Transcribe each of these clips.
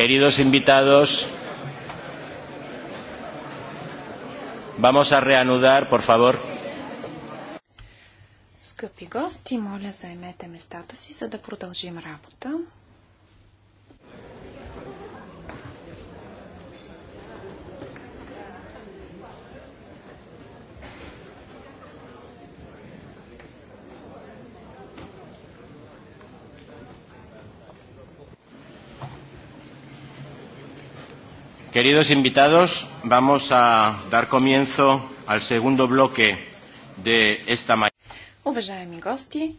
Queridos invitados, vamos a reanudar, por favor. Скъпи гости, моля займете местата си, за да продължим работа. Queridos invitados, vamos a dar comienzo al segundo bloque de esta mañana. Уважаеми гости,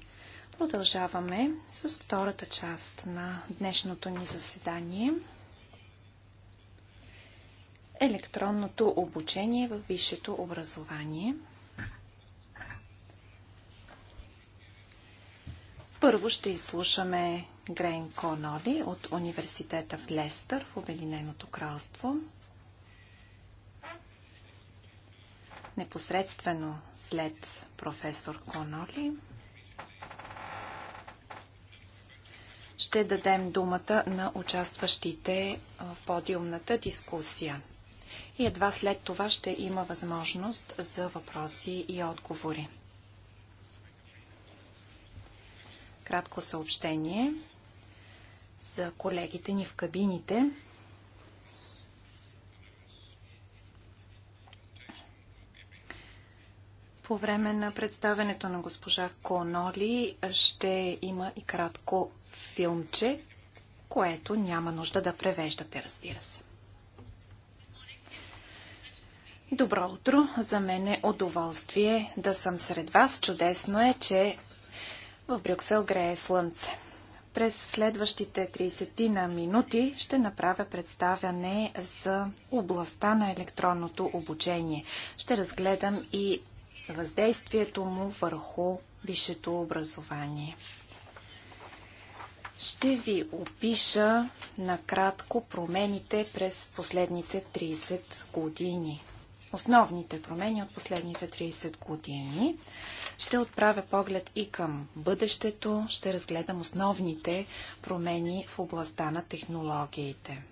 продължаваме с втората част на днешното ни заседание. Електронното обучение в висшето образование. Първо ще изслушаме Грейн Коноли от университета в Лестър в Обединеното кралство. Непосредствено след професор Коноли ще дадем думата на участващите в подиумната дискусия. И едва след това ще има възможност за въпроси и отговори. Кратко съобщение за колегите ни в кабините. По време на представенето на госпожа Коноли ще има и кратко филмче, което няма нужда да превеждате, разбира се. Добро утро! За мен е удоволствие да съм сред вас. Чудесно е, че в Брюксел грее слънце. През следващите 30 на минути ще направя представяне за областта на електронното обучение. Ще разгледам и въздействието му върху висшето образование. Ще ви опиша накратко промените през последните 30 години. Основните промени от последните 30 години – ще отправя поглед и към бъдещето, ще разгледам основните промени в областта на технологиите.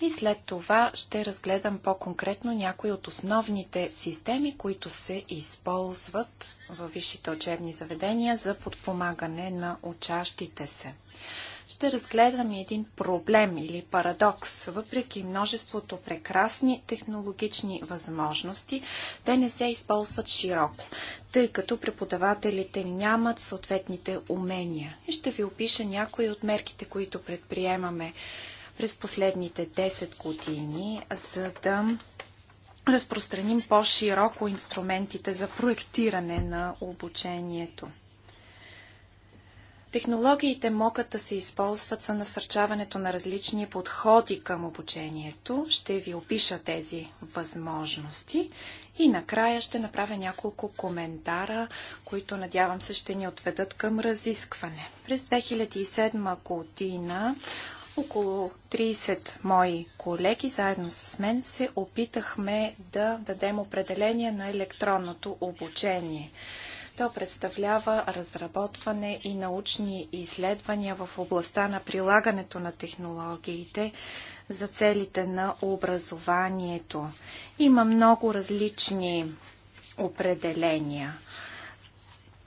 И след това ще разгледам по-конкретно някои от основните системи, които се използват във висшите учебни заведения за подпомагане на учащите се ще разгледаме един проблем или парадокс. Въпреки множеството прекрасни технологични възможности, те не се използват широко, тъй като преподавателите нямат съответните умения. И ще ви опиша някои от мерките, които предприемаме през последните 10 години, за да разпространим по-широко инструментите за проектиране на обучението. Технологиите могат да се използват за насърчаването на различни подходи към обучението. Ще ви опиша тези възможности и накрая ще направя няколко коментара, които надявам се ще ни отведат към разискване. През 2007 година около 30 мои колеги заедно с мен се опитахме да дадем определение на електронното обучение – то представлява разработване и научни изследвания в областта на прилагането на технологиите за целите на образованието. Има много различни определения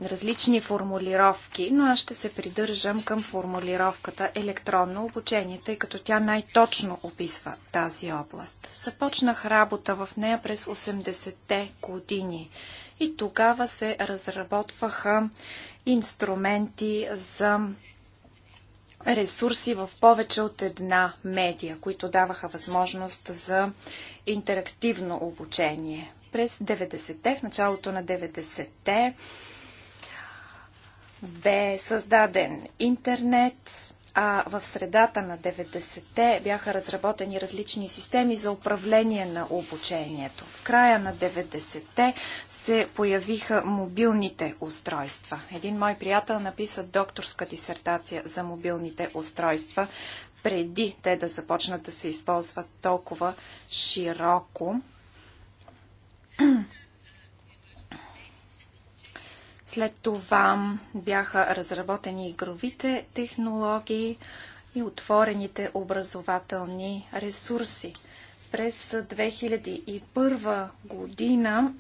различни формулировки, но аз ще се придържам към формулировката електронно обучение, тъй като тя най-точно описва тази област. Започнах работа в нея през 80-те години и тогава се разработваха инструменти за ресурси в повече от една медия, които даваха възможност за интерактивно обучение. През 90-те, в началото на 90-те, бе създаден интернет, а в средата на 90-те бяха разработени различни системи за управление на обучението. В края на 90-те се появиха мобилните устройства. Един мой приятел написа докторска дисертация за мобилните устройства преди те да започнат да се използват толкова широко. След това бяха разработени игровите технологии и отворените образователни ресурси. През 2001 година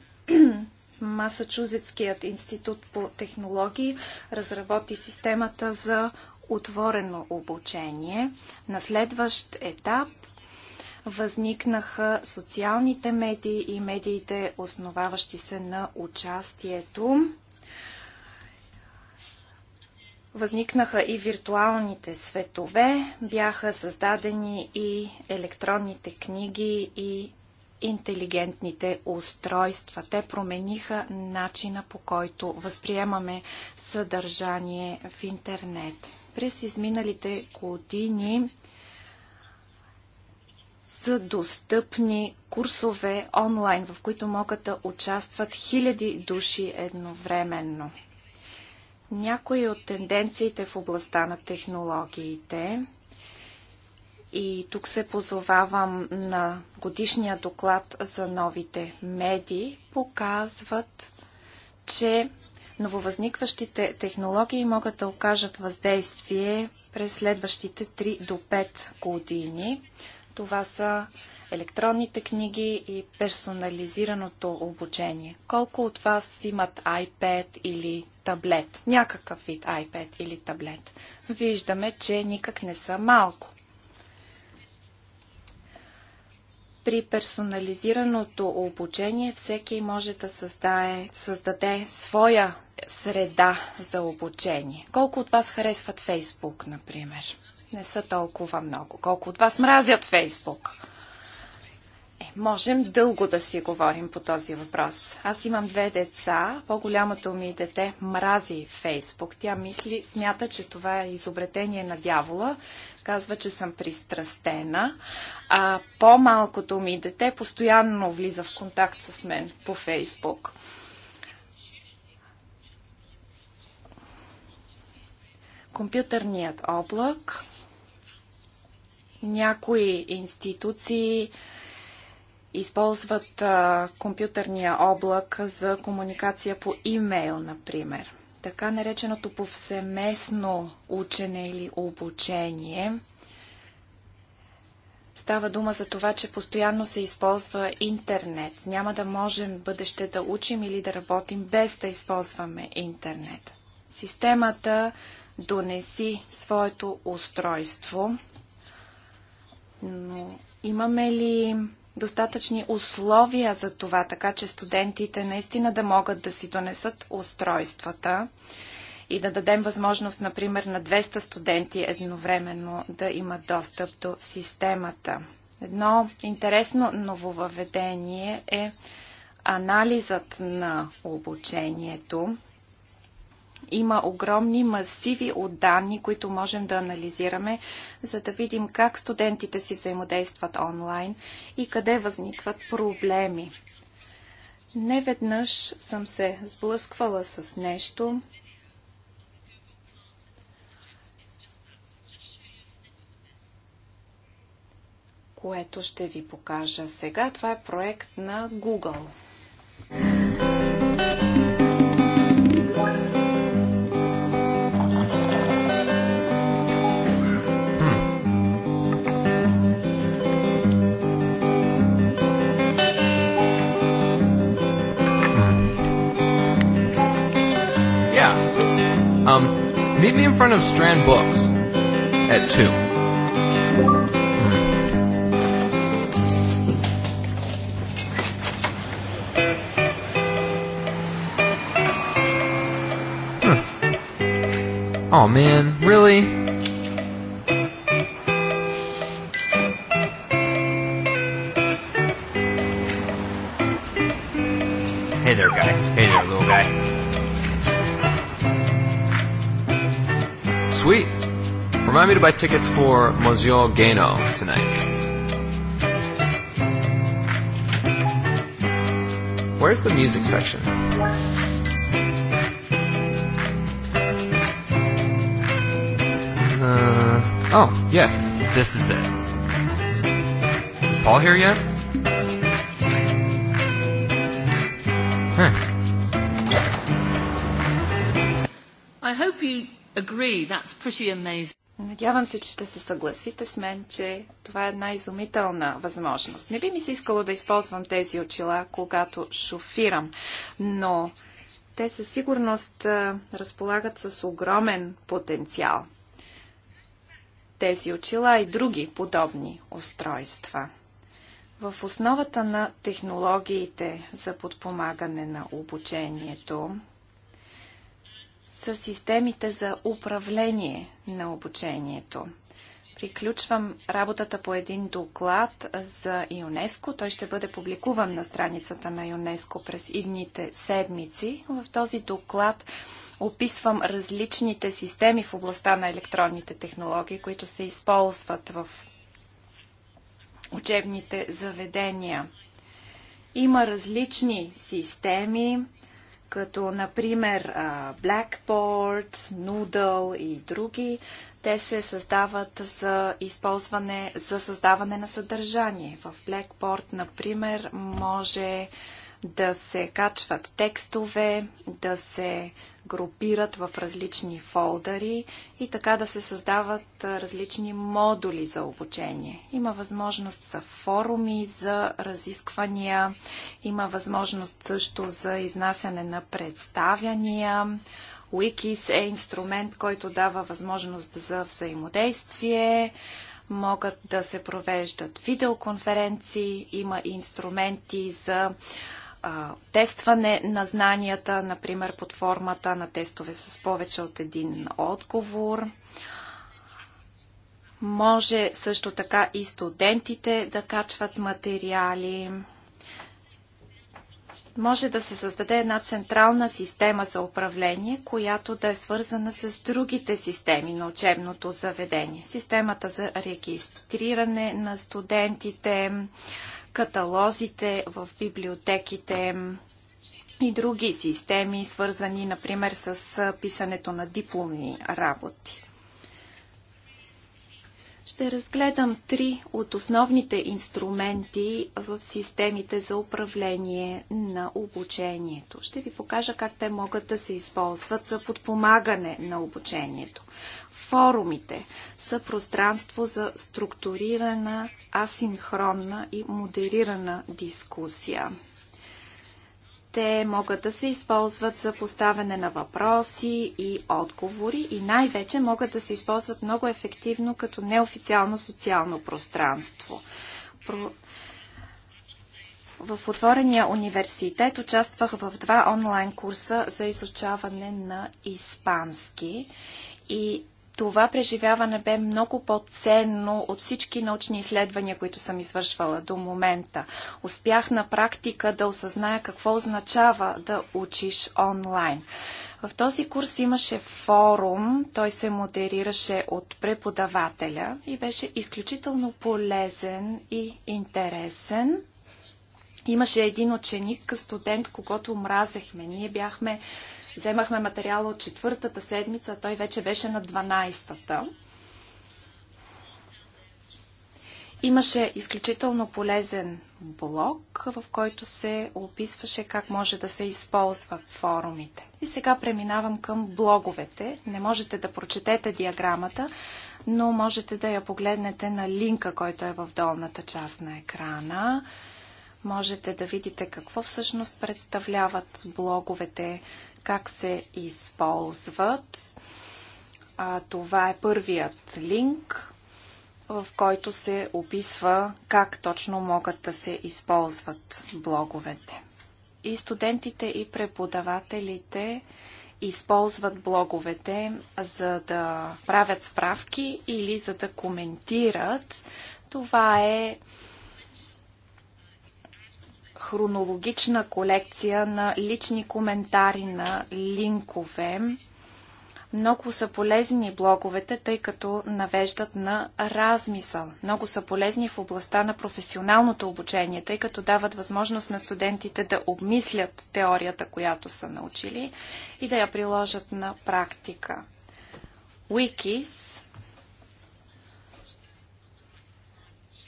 Масачузетският институт по технологии разработи системата за отворено обучение. На следващ етап възникнаха социалните медии и медиите, основаващи се на участието. Възникнаха и виртуалните светове, бяха създадени и електронните книги и интелигентните устройства. Те промениха начина по който възприемаме съдържание в интернет. През изминалите години са достъпни курсове онлайн, в които могат да участват хиляди души едновременно. Някои от тенденциите в областта на технологиите и тук се позовавам на годишния доклад за новите медии, показват, че нововъзникващите технологии могат да окажат въздействие през следващите 3 до 5 години. Това са електронните книги и персонализираното обучение. Колко от вас имат iPad или таблет? Някакъв вид iPad или таблет. Виждаме, че никак не са малко. При персонализираното обучение всеки може да създае, създаде своя среда за обучение. Колко от вас харесват Фейсбук, например? Не са толкова много. Колко от вас мразят Фейсбук? Е, можем дълго да си говорим по този въпрос. Аз имам две деца. По-голямото ми дете мрази Фейсбук. Тя мисли, смята, че това е изобретение на дявола. Казва, че съм пристрастена. А по-малкото ми дете постоянно влиза в контакт с мен по Фейсбук. Компютърният облак, някои институции, използват а, компютърния облак за комуникация по имейл, например. Така нареченото повсеместно учене или обучение Става дума за това, че постоянно се използва интернет. Няма да можем бъдеще да учим или да работим без да използваме интернет. Системата донеси своето устройство, но имаме ли достатъчни условия за това, така че студентите наистина да могат да си донесат устройствата и да дадем възможност, например, на 200 студенти едновременно да имат достъп до системата. Едно интересно нововъведение е анализът на обучението. Има огромни масиви от данни, които можем да анализираме, за да видим как студентите си взаимодействат онлайн и къде възникват проблеми. Неведнъж съм се сблъсквала с нещо, което ще ви покажа сега. Това е проект на Google. Meet me in front of Strand Books at 2. Oh man, really? Remind me to buy tickets for Monsieur Gano tonight. Where's the music section? Uh, oh, yes. This is it. Is Paul here yet? Huh. I hope you agree that's pretty amazing. Надявам се, че ще се съгласите с мен, че това е една изумителна възможност. Не би ми се искало да използвам тези очила, когато шофирам, но те със сигурност разполагат с огромен потенциал. Тези очила и други подобни устройства. В основата на технологиите за подпомагане на обучението са системите за управление на обучението. Приключвам работата по един доклад за ЮНЕСКО. Той ще бъде публикуван на страницата на ЮНЕСКО през идните седмици. В този доклад описвам различните системи в областта на електронните технологии, които се използват в учебните заведения. Има различни системи, като например Blackboard, Noodle и други. Те се създават за използване, за създаване на съдържание. В Blackboard, например, може да се качват текстове, да се групират в различни фолдъри и така да се създават различни модули за обучение. Има възможност за форуми, за разисквания, има възможност също за изнасяне на представяния. Wikis е инструмент, който дава възможност за взаимодействие, могат да се провеждат видеоконференции, има инструменти за а, тестване на знанията, например под формата на тестове с повече от един отговор. Може също така и студентите да качват материали. Може да се създаде една централна система за управление, която да е свързана с другите системи на учебното заведение. Системата за регистриране на студентите, каталозите в библиотеките и други системи, свързани, например, с писането на дипломни работи. Ще разгледам три от основните инструменти в системите за управление на обучението. Ще ви покажа как те могат да се използват за подпомагане на обучението. Форумите са пространство за структурирана асинхронна и модерирана дискусия. Те могат да се използват за поставяне на въпроси и отговори и най-вече могат да се използват много ефективно като неофициално социално пространство. Про... В отворения университет участвах в два онлайн курса за изучаване на испански и това преживяване бе много по-ценно от всички научни изследвания, които съм извършвала до момента. Успях на практика да осъзная какво означава да учиш онлайн. В този курс имаше форум, той се модерираше от преподавателя и беше изключително полезен и интересен. Имаше един ученик, студент, когато мразехме. Ние бяхме Вземахме материала от четвъртата седмица, а той вече беше на 12-та. Имаше изключително полезен блог, в който се описваше как може да се използва форумите. И сега преминавам към блоговете. Не можете да прочетете диаграмата, но можете да я погледнете на линка, който е в долната част на екрана. Можете да видите какво всъщност представляват блоговете, как се използват. А, това е първият линк, в който се описва как точно могат да се използват блоговете. И студентите и преподавателите използват блоговете за да правят справки или за да коментират. Това е хронологична колекция на лични коментари на линкове. Много са полезни блоговете, тъй като навеждат на размисъл. Много са полезни в областта на професионалното обучение, тъй като дават възможност на студентите да обмислят теорията, която са научили и да я приложат на практика. Wikis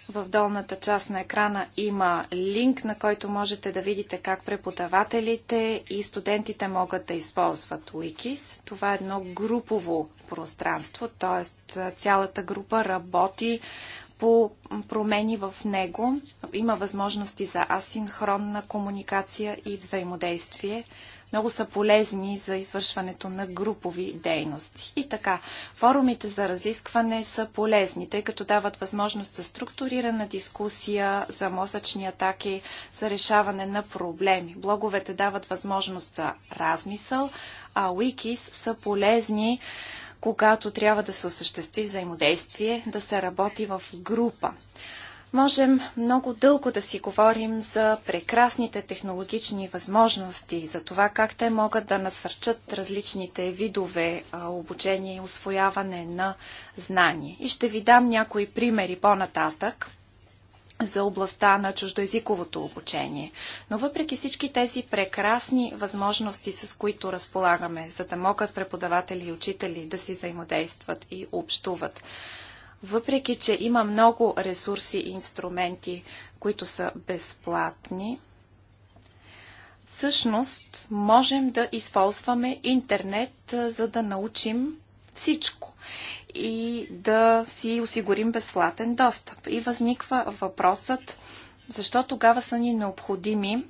В долната част на екрана има линк, на който можете да видите как преподавателите и студентите могат да използват Wikis. Това е едно групово пространство, т.е. цялата група работи по промени в него. Има възможности за асинхронна комуникация и взаимодействие много са полезни за извършването на групови дейности. И така, форумите за разискване са полезни, тъй като дават възможност за структурирана дискусия, за мозъчни атаки, за решаване на проблеми. Блоговете дават възможност за размисъл, а уикис са полезни когато трябва да се осъществи взаимодействие, да се работи в група. Можем много дълго да си говорим за прекрасните технологични възможности, за това как те могат да насърчат различните видове обучение и освояване на знания. И ще ви дам някои примери по-нататък за областта на чуждоязиковото обучение. Но въпреки всички тези прекрасни възможности, с които разполагаме, за да могат преподаватели и учители да си взаимодействат и общуват, въпреки че има много ресурси и инструменти, които са безплатни, всъщност можем да използваме интернет, за да научим всичко и да си осигурим безплатен достъп. И възниква въпросът, защо тогава са ни необходими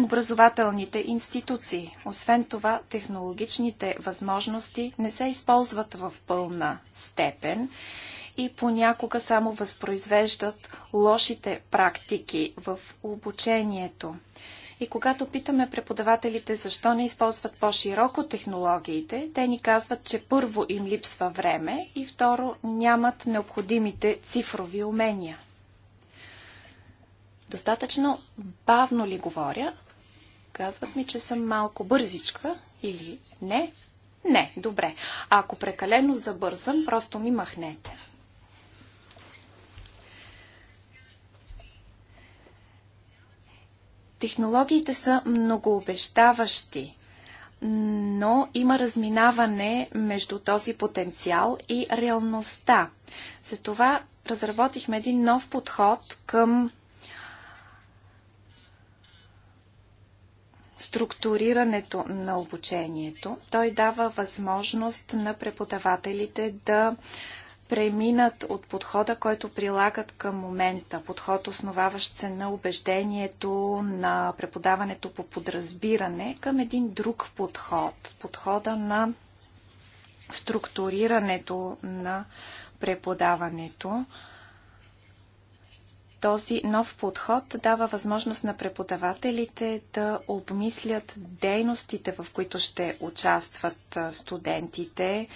образователните институции. Освен това, технологичните възможности не се използват в пълна степен и понякога само възпроизвеждат лошите практики в обучението. И когато питаме преподавателите защо не използват по-широко технологиите, те ни казват, че първо им липсва време и второ нямат необходимите цифрови умения. Достатъчно бавно ли говоря? Казват ми, че съм малко бързичка или не? Не, добре. А ако прекалено забързам, просто ми махнете. Технологиите са многообещаващи, но има разминаване между този потенциал и реалността. Затова разработихме един нов подход към структурирането на обучението. Той дава възможност на преподавателите да преминат от подхода, който прилагат към момента, подход основаващ се на убеждението, на преподаването по подразбиране, към един друг подход, подхода на структурирането на преподаването. Този нов подход дава възможност на преподавателите да обмислят дейностите, в които ще участват студентите,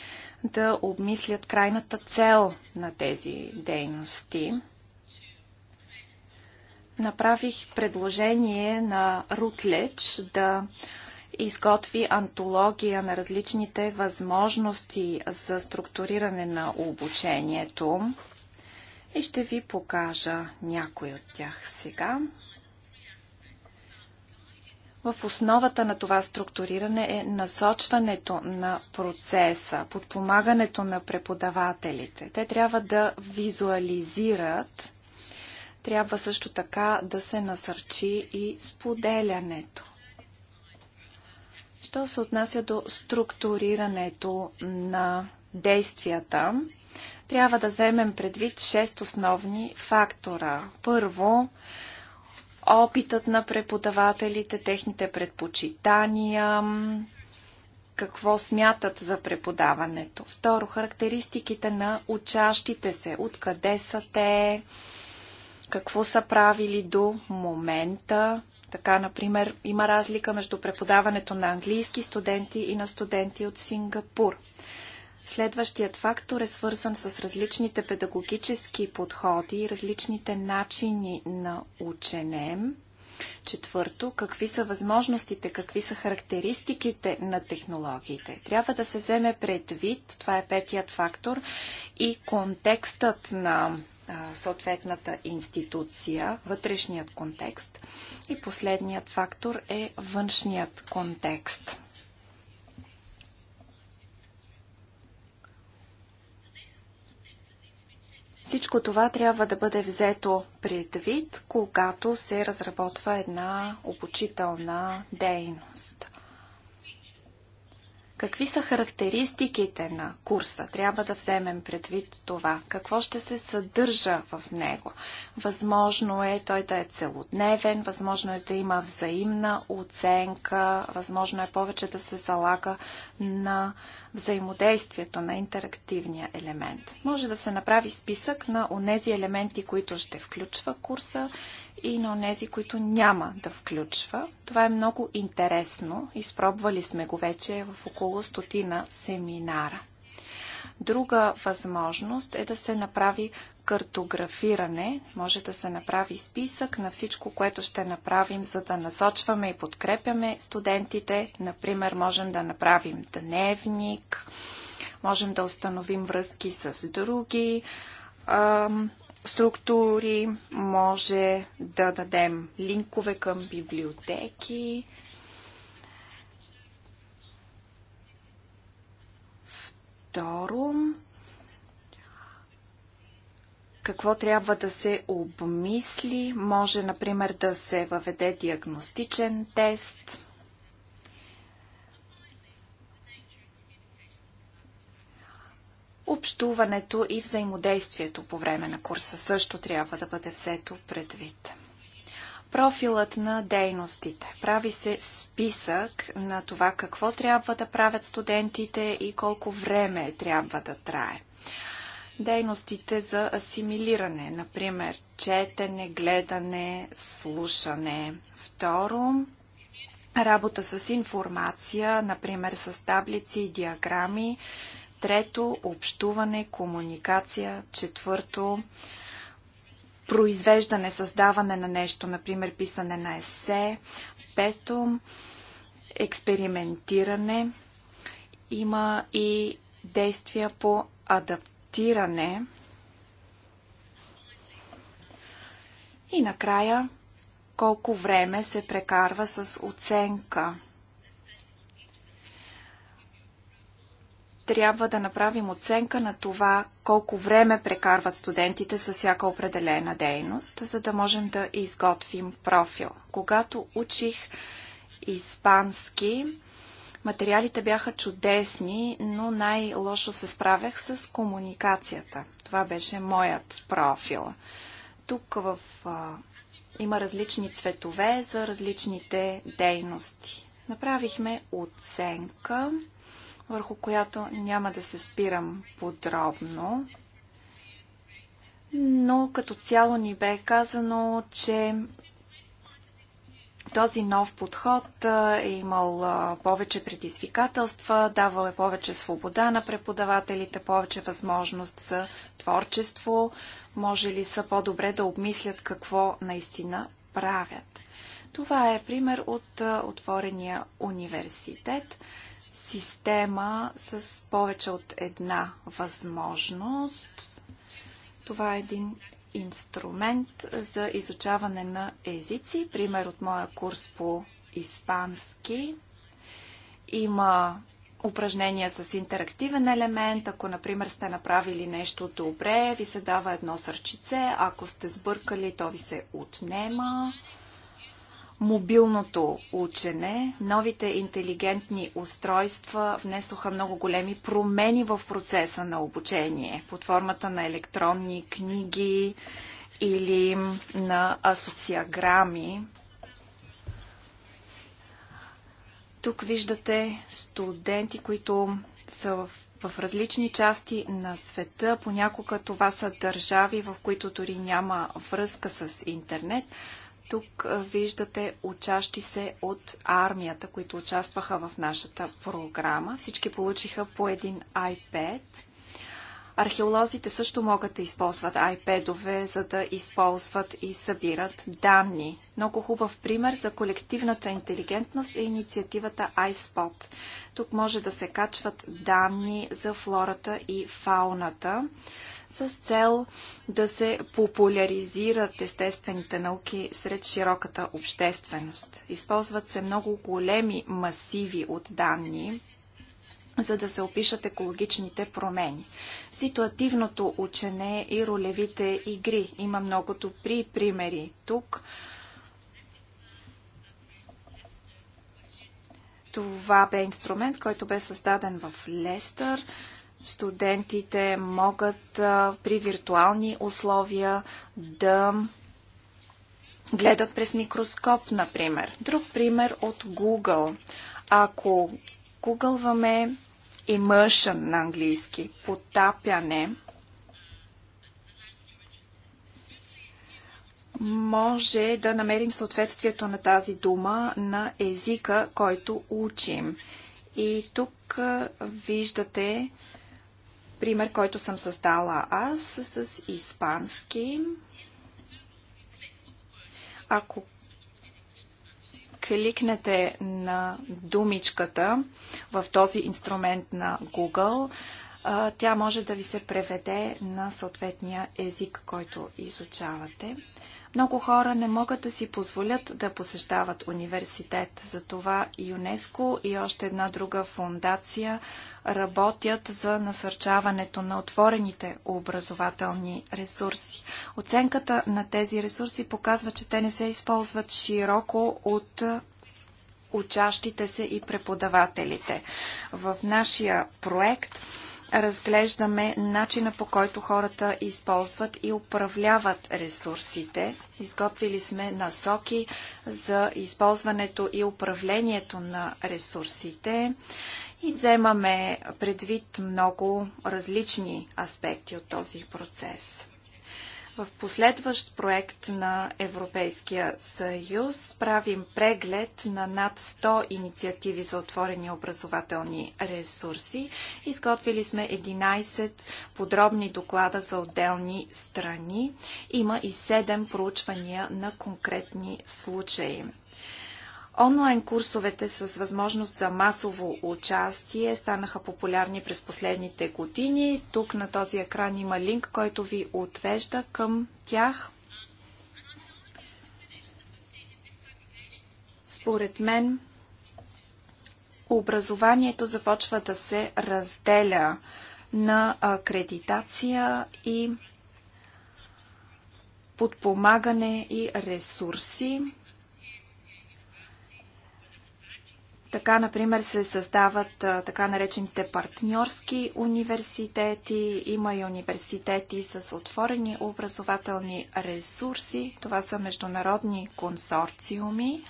да обмислят крайната цел на тези дейности. Направих предложение на Рутлеч да изготви антология на различните възможности за структуриране на обучението и ще ви покажа някой от тях сега. В основата на това структуриране е насочването на процеса, подпомагането на преподавателите. Те трябва да визуализират, трябва също така да се насърчи и споделянето. Що се отнася до структурирането на действията, трябва да вземем предвид шест основни фактора. Първо, опитът на преподавателите, техните предпочитания, какво смятат за преподаването. Второ, характеристиките на учащите се, откъде са те, какво са правили до момента. Така, например, има разлика между преподаването на английски студенти и на студенти от Сингапур. Следващият фактор е свързан с различните педагогически подходи и различните начини на учене. Четвърто, какви са възможностите, какви са характеристиките на технологиите. Трябва да се вземе предвид, това е петият фактор, и контекстът на а, съответната институция, вътрешният контекст. И последният фактор е външният контекст. Всичко това трябва да бъде взето предвид, когато се разработва една обучителна дейност. Какви са характеристиките на курса? Трябва да вземем предвид това. Какво ще се съдържа в него? Възможно е той да е целодневен, възможно е да има взаимна оценка, възможно е повече да се залага на взаимодействието на интерактивния елемент. Може да се направи списък на онези елементи, които ще включва курса и на онези, които няма да включва. Това е много интересно. Изпробвали сме го вече в около стотина семинара. Друга възможност е да се направи картографиране. Може да се направи списък на всичко, което ще направим, за да насочваме и подкрепяме студентите. Например, можем да направим дневник, можем да установим връзки с други а, структури, може да дадем линкове към библиотеки. Второ, какво трябва да се обмисли. Може, например, да се въведе диагностичен тест. Общуването и взаимодействието по време на курса също трябва да бъде взето предвид. Профилът на дейностите. Прави се списък на това какво трябва да правят студентите и колко време трябва да трае дейностите за асимилиране, например четене, гледане, слушане. Второ, работа с информация, например с таблици и диаграми. Трето, общуване, комуникация. Четвърто, произвеждане, създаване на нещо, например писане на есе. Пето, експериментиране. Има и действия по адаптация третиране. И накрая, колко време се прекарва с оценка. Трябва да направим оценка на това колко време прекарват студентите с всяка определена дейност, за да можем да изготвим профил. Когато учих испански, Материалите бяха чудесни, но най-лошо се справях с комуникацията. Това беше моят профил. Тук в, а, има различни цветове за различните дейности. Направихме оценка, върху която няма да се спирам подробно, но като цяло ни бе казано, че този нов подход е имал повече предизвикателства, давал е повече свобода на преподавателите, повече възможност за творчество, може ли са по-добре да обмислят какво наистина правят. Това е пример от отворения университет, система с повече от една възможност. Това е един инструмент за изучаване на езици, пример от моя курс по испански. Има упражнения с интерактивен елемент. Ако, например, сте направили нещо добре, ви се дава едно сърчице. Ако сте сбъркали, то ви се отнема мобилното учене. Новите интелигентни устройства внесоха много големи промени в процеса на обучение под формата на електронни книги или на асоциаграми. Тук виждате студенти, които са в в различни части на света. Понякога това са държави, в които дори няма връзка с интернет. Тук виждате учащи се от армията, които участваха в нашата програма. Всички получиха по един iPad – Археолозите също могат да използват iPad-ове, за да използват и събират данни. Много хубав пример за колективната интелигентност е инициативата iSpot. Тук може да се качват данни за флората и фауната с цел да се популяризират естествените науки сред широката общественост. Използват се много големи масиви от данни, за да се опишат екологичните промени. Ситуативното учене и ролевите игри. Има много добри примери тук. Това бе инструмент, който бе създаден в Лестър. Студентите могат при виртуални условия да гледат през микроскоп, например. Друг пример от Google. Ако Гугълваме immersion на английски, потапяне. Може да намерим съответствието на тази дума на езика, който учим. И тук виждате пример, който съм създала аз с испански. Ако кликнете на думичката в този инструмент на Google, тя може да ви се преведе на съответния език, който изучавате. Много хора не могат да си позволят да посещават университет. Затова ЮНЕСКО и още една друга фундация – работят за насърчаването на отворените образователни ресурси. Оценката на тези ресурси показва, че те не се използват широко от учащите се и преподавателите. В нашия проект разглеждаме начина по който хората използват и управляват ресурсите. Изготвили сме насоки за използването и управлението на ресурсите и вземаме предвид много различни аспекти от този процес. В последващ проект на Европейския съюз правим преглед на над 100 инициативи за отворени образователни ресурси. Изготвили сме 11 подробни доклада за отделни страни. Има и 7 проучвания на конкретни случаи. Онлайн курсовете с възможност за масово участие станаха популярни през последните години. Тук на този екран има линк, който ви отвежда към тях. Според мен, образованието започва да се разделя на акредитация и подпомагане и ресурси. Така, например, се създават така наречените партньорски университети, има и университети с отворени образователни ресурси. Това са международни консорциуми,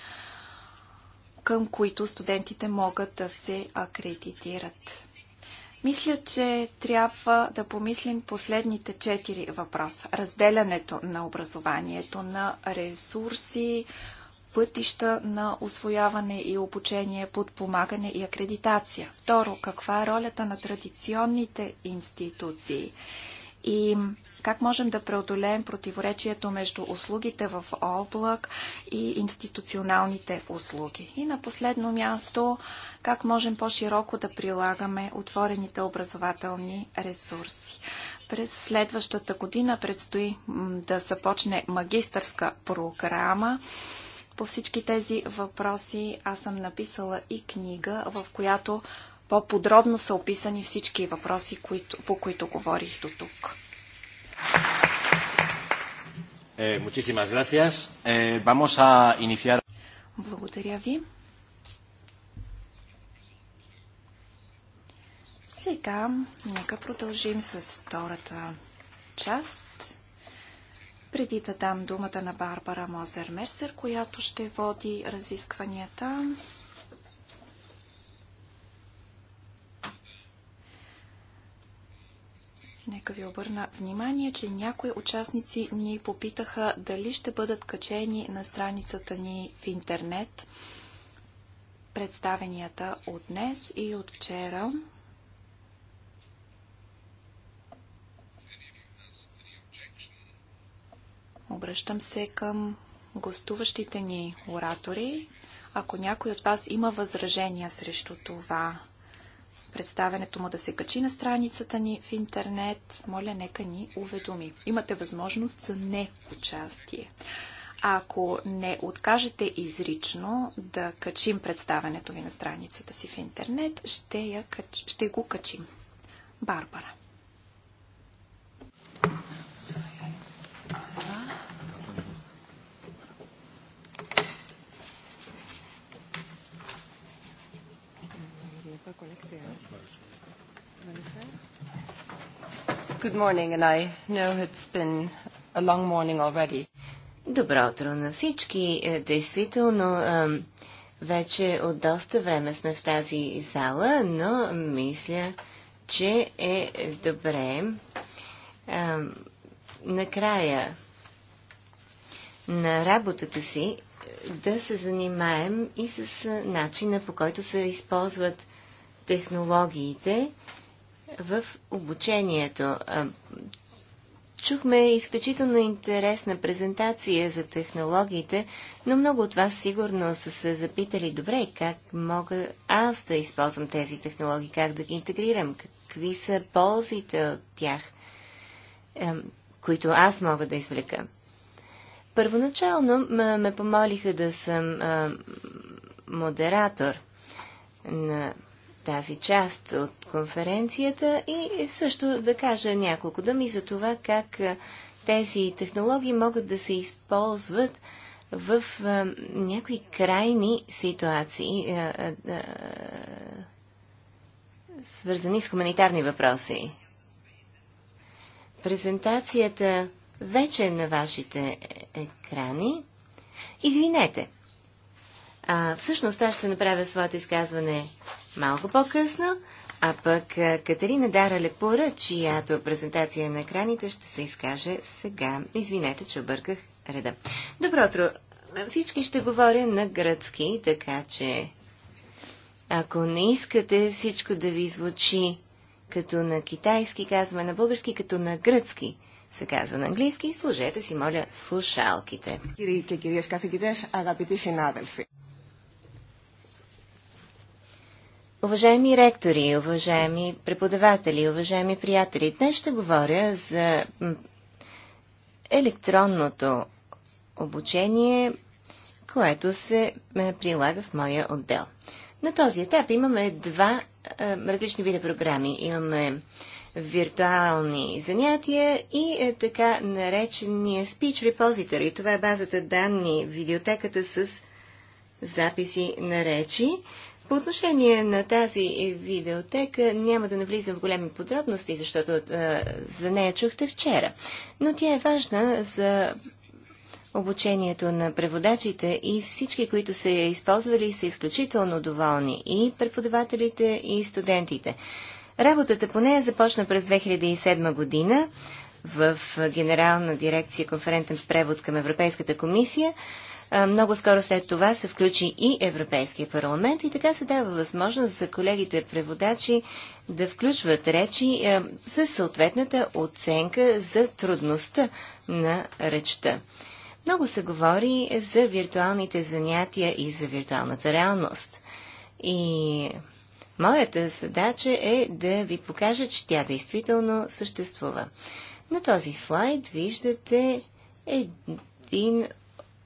към които студентите могат да се акредитират. Мисля, че трябва да помислим последните четири въпроса. Разделянето на образованието, на ресурси, пътища на освояване и обучение, подпомагане и акредитация? Второ, каква е ролята на традиционните институции? И как можем да преодолеем противоречието между услугите в облак и институционалните услуги? И на последно място, как можем по-широко да прилагаме отворените образователни ресурси? През следващата година предстои да започне магистърска програма по всички тези въпроси аз съм написала и книга, в която по-подробно са описани всички въпроси, които, по които говорих до тук. Eh, gracias. Eh, vamos a iniciar... Благодаря ви. Сега нека продължим с втората част. Преди да дам думата на Барбара Мозер Мерсер, която ще води разискванията, Нека ви обърна внимание, че някои участници ни попитаха дали ще бъдат качени на страницата ни в интернет представенията от днес и от вчера. Обръщам се към гостуващите ни оратори. Ако някой от вас има възражения срещу това, представенето му да се качи на страницата ни в интернет, моля, нека ни уведоми. Имате възможност за неучастие. Ако не откажете изрично да качим представенето ви на страницата си в интернет, ще, я, ще го качим. Барбара. Добро утро на всички. Е, действително, вече от доста време сме в тази зала, но мисля, че е добре. Накрая на работата си е, да се занимаем и с е, начина по който се използват технологиите в обучението. Чухме изключително интересна презентация за технологиите, но много от вас сигурно са се запитали добре как мога аз да използвам тези технологии, как да ги интегрирам, какви са ползите от тях, които аз мога да извлека. Първоначално ме помолиха да съм а, модератор на тази част от конференцията и също да кажа няколко думи за това как тези технологии могат да се използват в а, някои крайни ситуации, а, а, свързани с хуманитарни въпроси. Презентацията вече на вашите екрани. Извинете. А, всъщност аз ще направя своето изказване малко по-късно, а пък Катерина Дара Лепура, чиято презентация е на екраните ще се изкаже сега. Извинете, че обърках реда. Добро утро! Всички ще говоря на гръцки, така че ако не искате всичко да ви звучи като на китайски, казваме на български, като на гръцки – се казва на английски. Сложете си, моля, слушалките. Кири и кирие Уважаеми ректори, уважаеми преподаватели, уважаеми приятели, днес ще говоря за електронното обучение, което се прилага в моя отдел. На този етап имаме два различни вида програми. Имаме виртуални занятия и е, така наречения Speech Repository. Това е базата данни, видеотеката с записи на речи. По отношение на тази видеотека няма да навлизам в големи подробности, защото а, е, за нея чухте вчера. Но тя е важна за обучението на преводачите и всички, които са я използвали, са изключително доволни. И преподавателите, и студентите. Работата по нея започна през 2007 година в Генерална дирекция конферентен превод към Европейската комисия. Много скоро след това се включи и Европейския парламент и така се дава възможност за колегите преводачи да включват речи с съответната оценка за трудността на речта. Много се говори за виртуалните занятия и за виртуалната реалност. И Моята задача е да ви покажа, че тя действително съществува. На този слайд виждате един,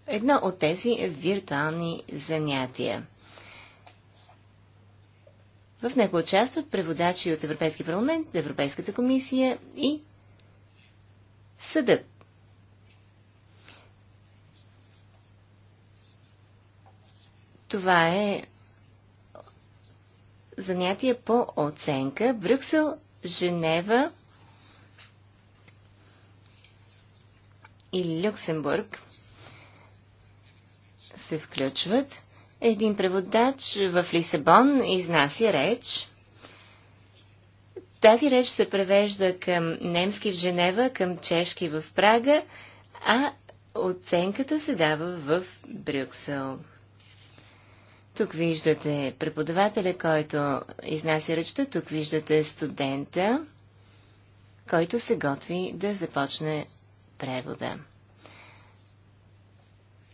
едно от тези виртуални занятия. В него участват преводачи от Европейски парламент, Европейската комисия и съдът. Това е Занятия по оценка. Брюксел, Женева и Люксембург се включват. Един преводач в Лисабон изнася реч. Тази реч се превежда към немски в Женева, към чешки в Прага, а оценката се дава в Брюксел. Тук виждате преподавателя, който изнася ръчта, тук виждате студента, който се готви да започне превода.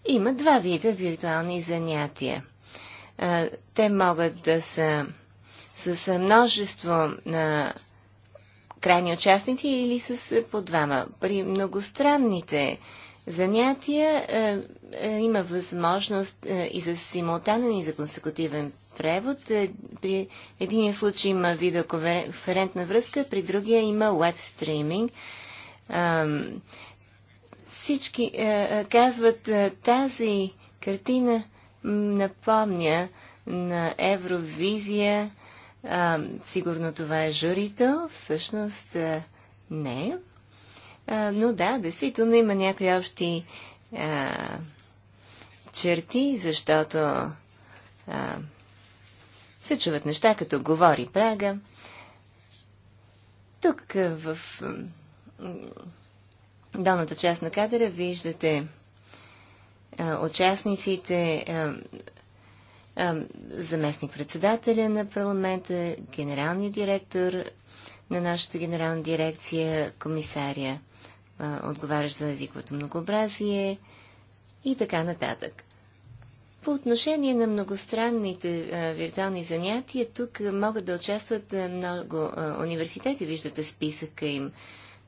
Има два вида виртуални занятия. Те могат да са с множество на крайни участници или с по двама. При многостранните занятия. Е, е, има възможност е, и за симултанен, и за консекутивен превод. При единия случай има видеоконферентна връзка, при другия има веб стриминг. Всички казват тази картина напомня на Евровизия. сигурно това е журито. Всъщност не но да, действително има някои общи а, черти, защото а, се чуват неща, като говори Прага. Тук в долната част на кадъра виждате а, участниците, а, а, заместник-председателя на парламента, генералния директор на нашата генерална дирекция комисаря, отговарящ за езиковото многообразие и така нататък. По отношение на многостранните а, виртуални занятия, тук могат да участват а, много университети. Виждате списъка им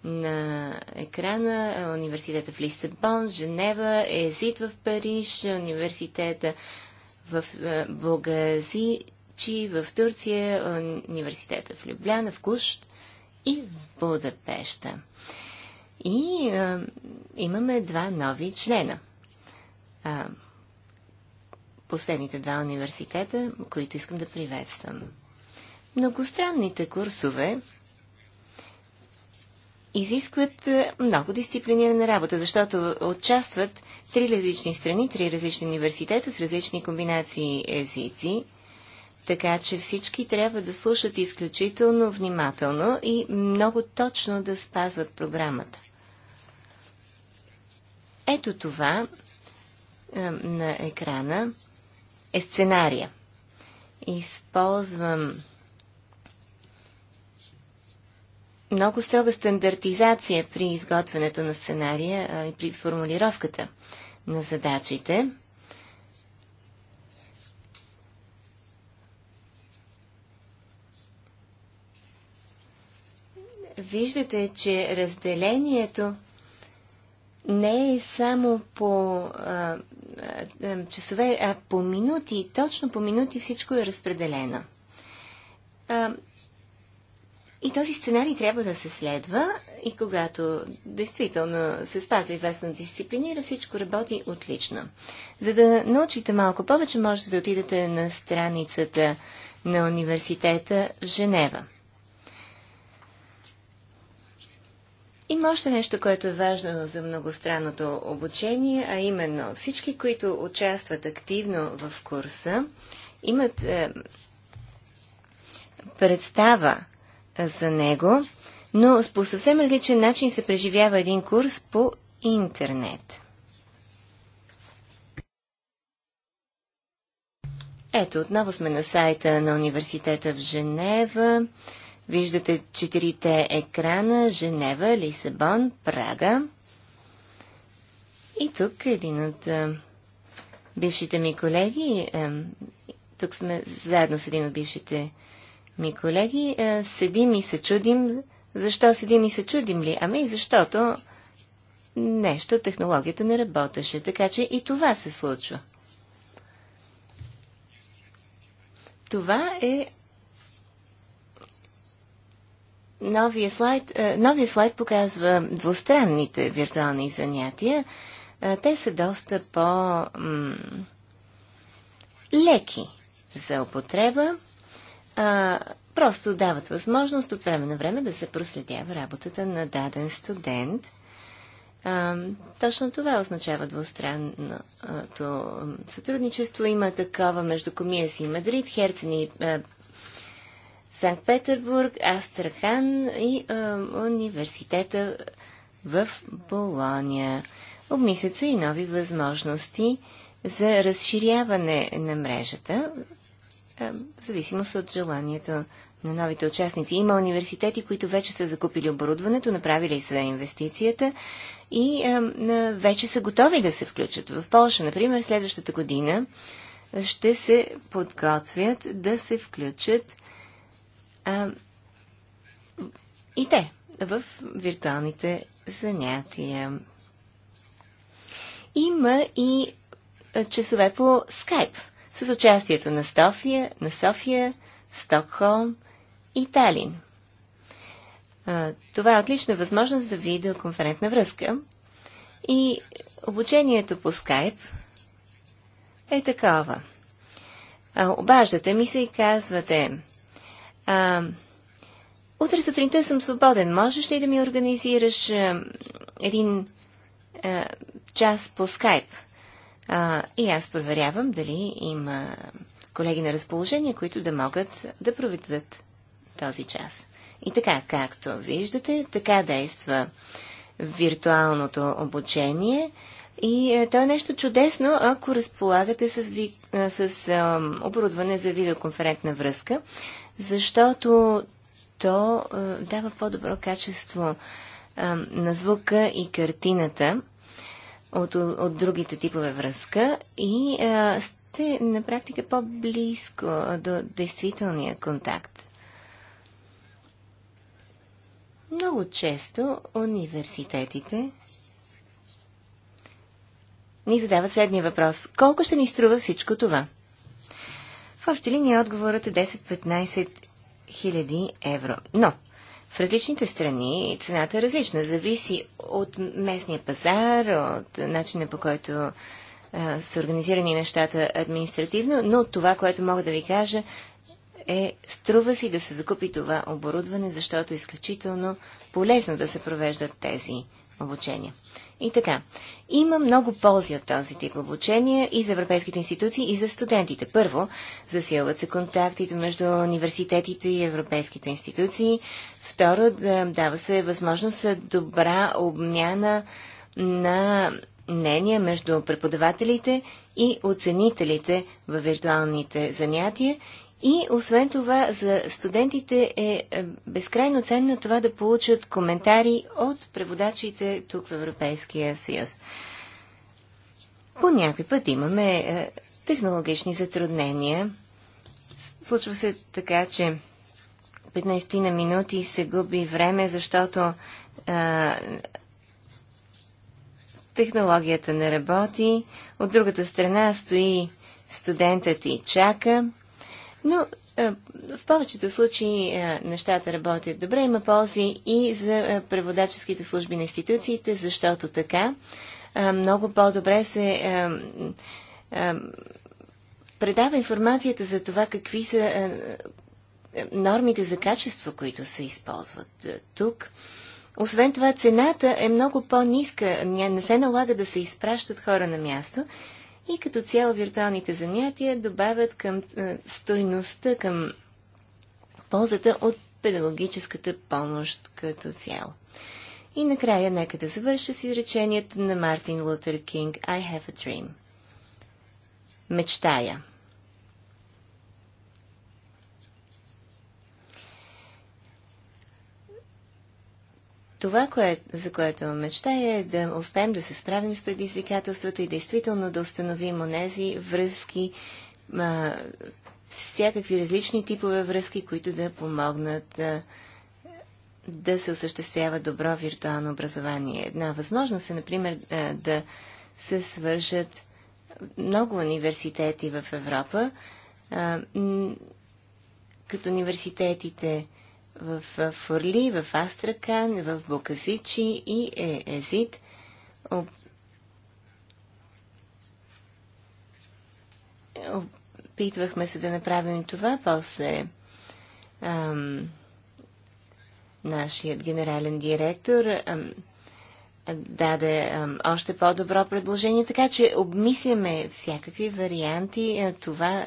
на екрана. Университета в Лисабон, Женева, ЕЗИТ в Париж, университета в Бугази, учи в Турция, университета в Любляна, в Кущ и в Будапешта. И а, имаме два нови члена. А, последните два университета, които искам да приветствам. Многостранните курсове изискват много дисциплинирана работа, защото участват три различни страни, три различни университета с различни комбинации езици. Така че всички трябва да слушат изключително внимателно и много точно да спазват програмата. Ето това е, на екрана е сценария. Използвам много строга стандартизация при изготвянето на сценария и при формулировката на задачите – виждате, че разделението не е само по а, а, часове, а по минути. Точно по минути всичко е разпределено. А, и този сценарий трябва да се следва и когато действително се спазва и вас на дисциплинира, всичко работи отлично. За да научите малко повече, можете да отидете на страницата на университета в Женева. Има още нещо, което е важно за многостранното обучение, а именно всички, които участват активно в курса, имат е, представа е, за него, но по съвсем различен начин се преживява един курс по интернет. Ето, отново сме на сайта на университета в Женева. Виждате четирите екрана Женева, Лисабон, Прага. И тук един от а, бившите ми колеги, а, тук сме заедно с един от бившите ми колеги, а, седим и се чудим. Защо седим и се чудим ли? Ами защото нещо, технологията не работеше, така че и това се случва. Това е новия слайд, е, новия слайд показва двустранните виртуални занятия. Е, те са доста по-леки за употреба. Е, просто дават възможност от време на време да се проследява работата на даден студент. точно това означава двустранното сътрудничество. Има такова между Комия си Мадрид, Херцени и Санкт-Петербург, Астрахан и а, университета в Болония. Обмислят се и нови възможности за разширяване на мрежата, в зависимост от желанието на новите участници. Има университети, които вече са закупили оборудването, направили са инвестицията и а, вече са готови да се включат. В Польша, например, следващата година ще се подготвят да се включат а, и те в виртуалните занятия. Има и часове по скайп с участието на София, на София, Стокхолм и Талин. Това е отлична възможност за видеоконферентна връзка. И обучението по скайп е такова. Обаждате ми се и казвате, а, утре сутринта съм свободен. Можеш ли да ми организираш а, един а, час по скайп? А, и аз проверявам дали има колеги на разположение, които да могат да проведат този час. И така, както виждате, така действа виртуалното обучение. И е, то е нещо чудесно, ако разполагате с, ви, е, с е, оборудване за видеоконферентна връзка защото то а, дава по-добро качество а, на звука и картината от, от другите типове връзка и а, сте на практика по-близко до действителния контакт. Много често университетите ни задават следния въпрос. Колко ще ни струва всичко това? В общи линии отговорът е 10-15 хиляди евро. Но в различните страни цената е различна. Зависи от местния пазар, от начина по който а, са организирани нещата административно, но това, което мога да ви кажа, е струва си да се закупи това оборудване, защото е изключително полезно да се провеждат тези обучения. И така, има много ползи от този тип обучение и за европейските институции, и за студентите. Първо, засилват се контактите между университетите и европейските институции. Второ, дава се възможност за добра обмяна на мнения между преподавателите и оценителите във виртуалните занятия и освен това, за студентите е, е безкрайно ценно това да получат коментари от преводачите тук в Европейския съюз. По някой път имаме е, технологични затруднения. Случва се така, че 15 на минути се губи време, защото а, е, технологията не работи. От другата страна стои студентът и чака но е, в повечето случаи е, нещата работят добре. Има ползи и за е, преводаческите служби на институциите, защото така много по-добре се предава информацията за това какви са нормите за качество, които се използват тук. Освен това, цената е много по-ниска. Не се налага да се изпращат хора на място и като цяло виртуалните занятия добавят към е, стойността, към ползата от педагогическата помощ като цяло. И накрая нека да завърша с изречението на Мартин Лутер Кинг I have a dream. Мечтая. Това, кое, за което мечтая е да успеем да се справим с предизвикателствата и действително да установим онези връзки, а, всякакви различни типове връзки, които да помогнат а, да се осъществява добро виртуално образование. Една възможност е, например, а, да се свържат много университети в Европа, а, като университетите в Фурли, в Астракан, в Бокасичи и е, Езид. Об... Опитвахме се да направим това, после ам, нашият генерален директор ам, даде ам, още по-добро предложение, така че обмисляме всякакви варианти. това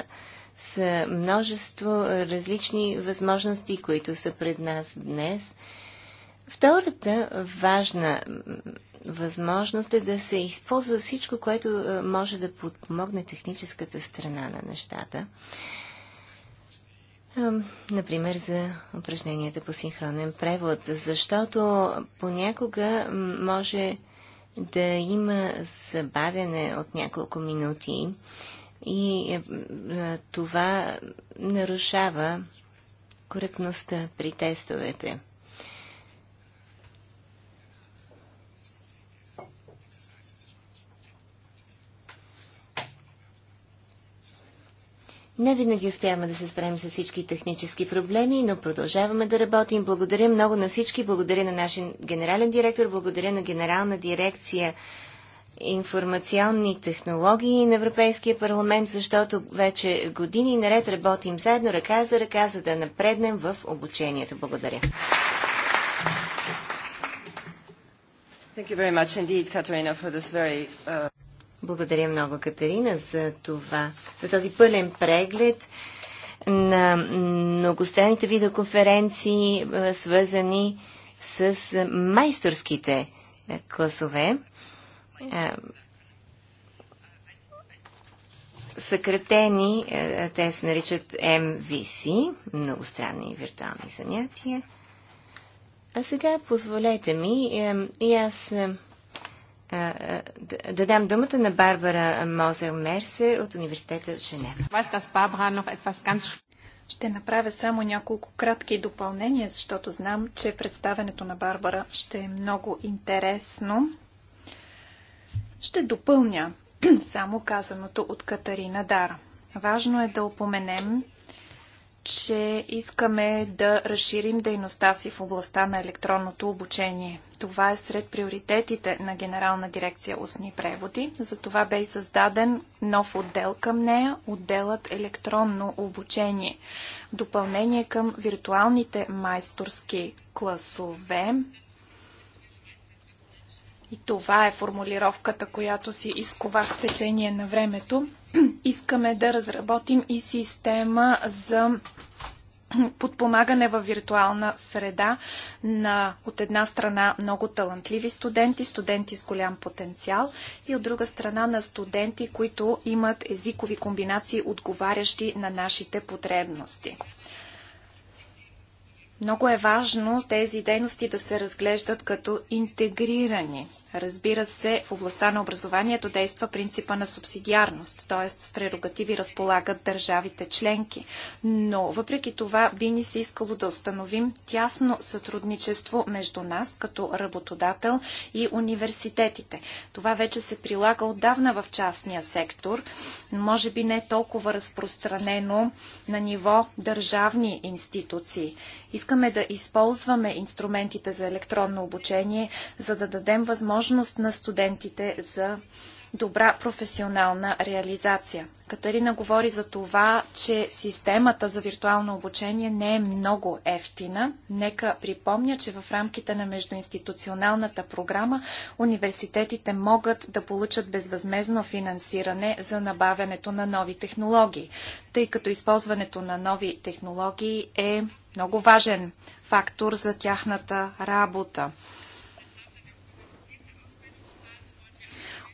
с множество различни възможности, които са пред нас днес. Втората важна възможност е да се използва всичко, което е, може да подпомогне техническата страна на нещата. Е, например, за упражненията по синхронен превод, защото понякога може да има забавяне от няколко минути и е, е, това нарушава коректността при тестовете. Не винаги успяваме да се справим с всички технически проблеми, но продължаваме да работим. Благодаря много на всички. Благодаря на нашия генерален директор, благодаря на генерална дирекция информационни технологии на Европейския парламент, защото вече години наред работим заедно ръка за ръка, за да напреднем в обучението. Благодаря. Indeed, very, uh... Благодаря много, Катерина, за това, за този пълен преглед на многостранните видеоконференции, свързани с майсторските класове. Е, съкратени, е, те се наричат MVC, многостранни виртуални занятия. А сега позволете ми е, и аз да дам думата на Барбара Мозер Мерсер от университета в Женева. Ще направя само няколко кратки допълнения, защото знам, че представенето на Барбара ще е много интересно. Ще допълня само казаното от Катарина Дара. Важно е да упоменем, че искаме да разширим дейността си в областта на електронното обучение. Това е сред приоритетите на Генерална дирекция Устни преводи. Затова бе и създаден нов отдел към нея, отделът електронно обучение. Допълнение към виртуалните майсторски класове, и това е формулировката, която си изковах с течение на времето. Искаме да разработим и система за подпомагане в виртуална среда на от една страна много талантливи студенти, студенти с голям потенциал и от друга страна на студенти, които имат езикови комбинации, отговарящи на нашите потребности. Много е важно тези дейности да се разглеждат като интегрирани. Разбира се, в областта на образованието действа принципа на субсидиарност, т.е. с прерогативи разполагат държавите членки. Но въпреки това би ни се искало да установим тясно сътрудничество между нас като работодател и университетите. Това вече се прилага отдавна в частния сектор, може би не е толкова разпространено на ниво държавни институции. Искаме да използваме инструментите за електронно обучение, за да дадем възможност възможност на студентите за добра професионална реализация. Катарина говори за това, че системата за виртуално обучение не е много ефтина. Нека припомня, че в рамките на междуинституционалната програма университетите могат да получат безвъзмезно финансиране за набавянето на нови технологии, тъй като използването на нови технологии е много важен фактор за тяхната работа.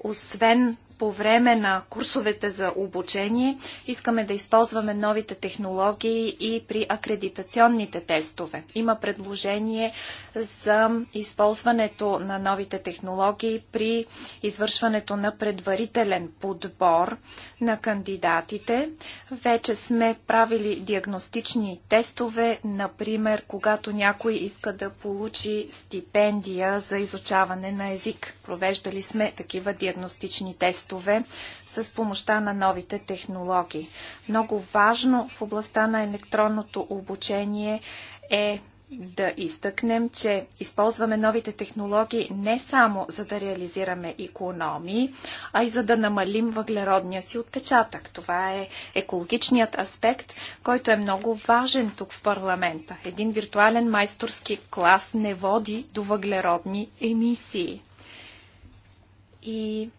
освен по време на курсовете за обучение искаме да използваме новите технологии и при акредитационните тестове. Има предложение за използването на новите технологии при извършването на предварителен подбор на кандидатите. Вече сме правили диагностични тестове, например, когато някой иска да получи стипендия за изучаване на език. Провеждали сме такива диагностични тестове тестове с помощта на новите технологии. Много важно в областта на електронното обучение е да изтъкнем, че използваме новите технологии не само за да реализираме економии, а и за да намалим въглеродния си отпечатък. Това е екологичният аспект, който е много важен тук в парламента. Един виртуален майсторски клас не води до въглеродни емисии. И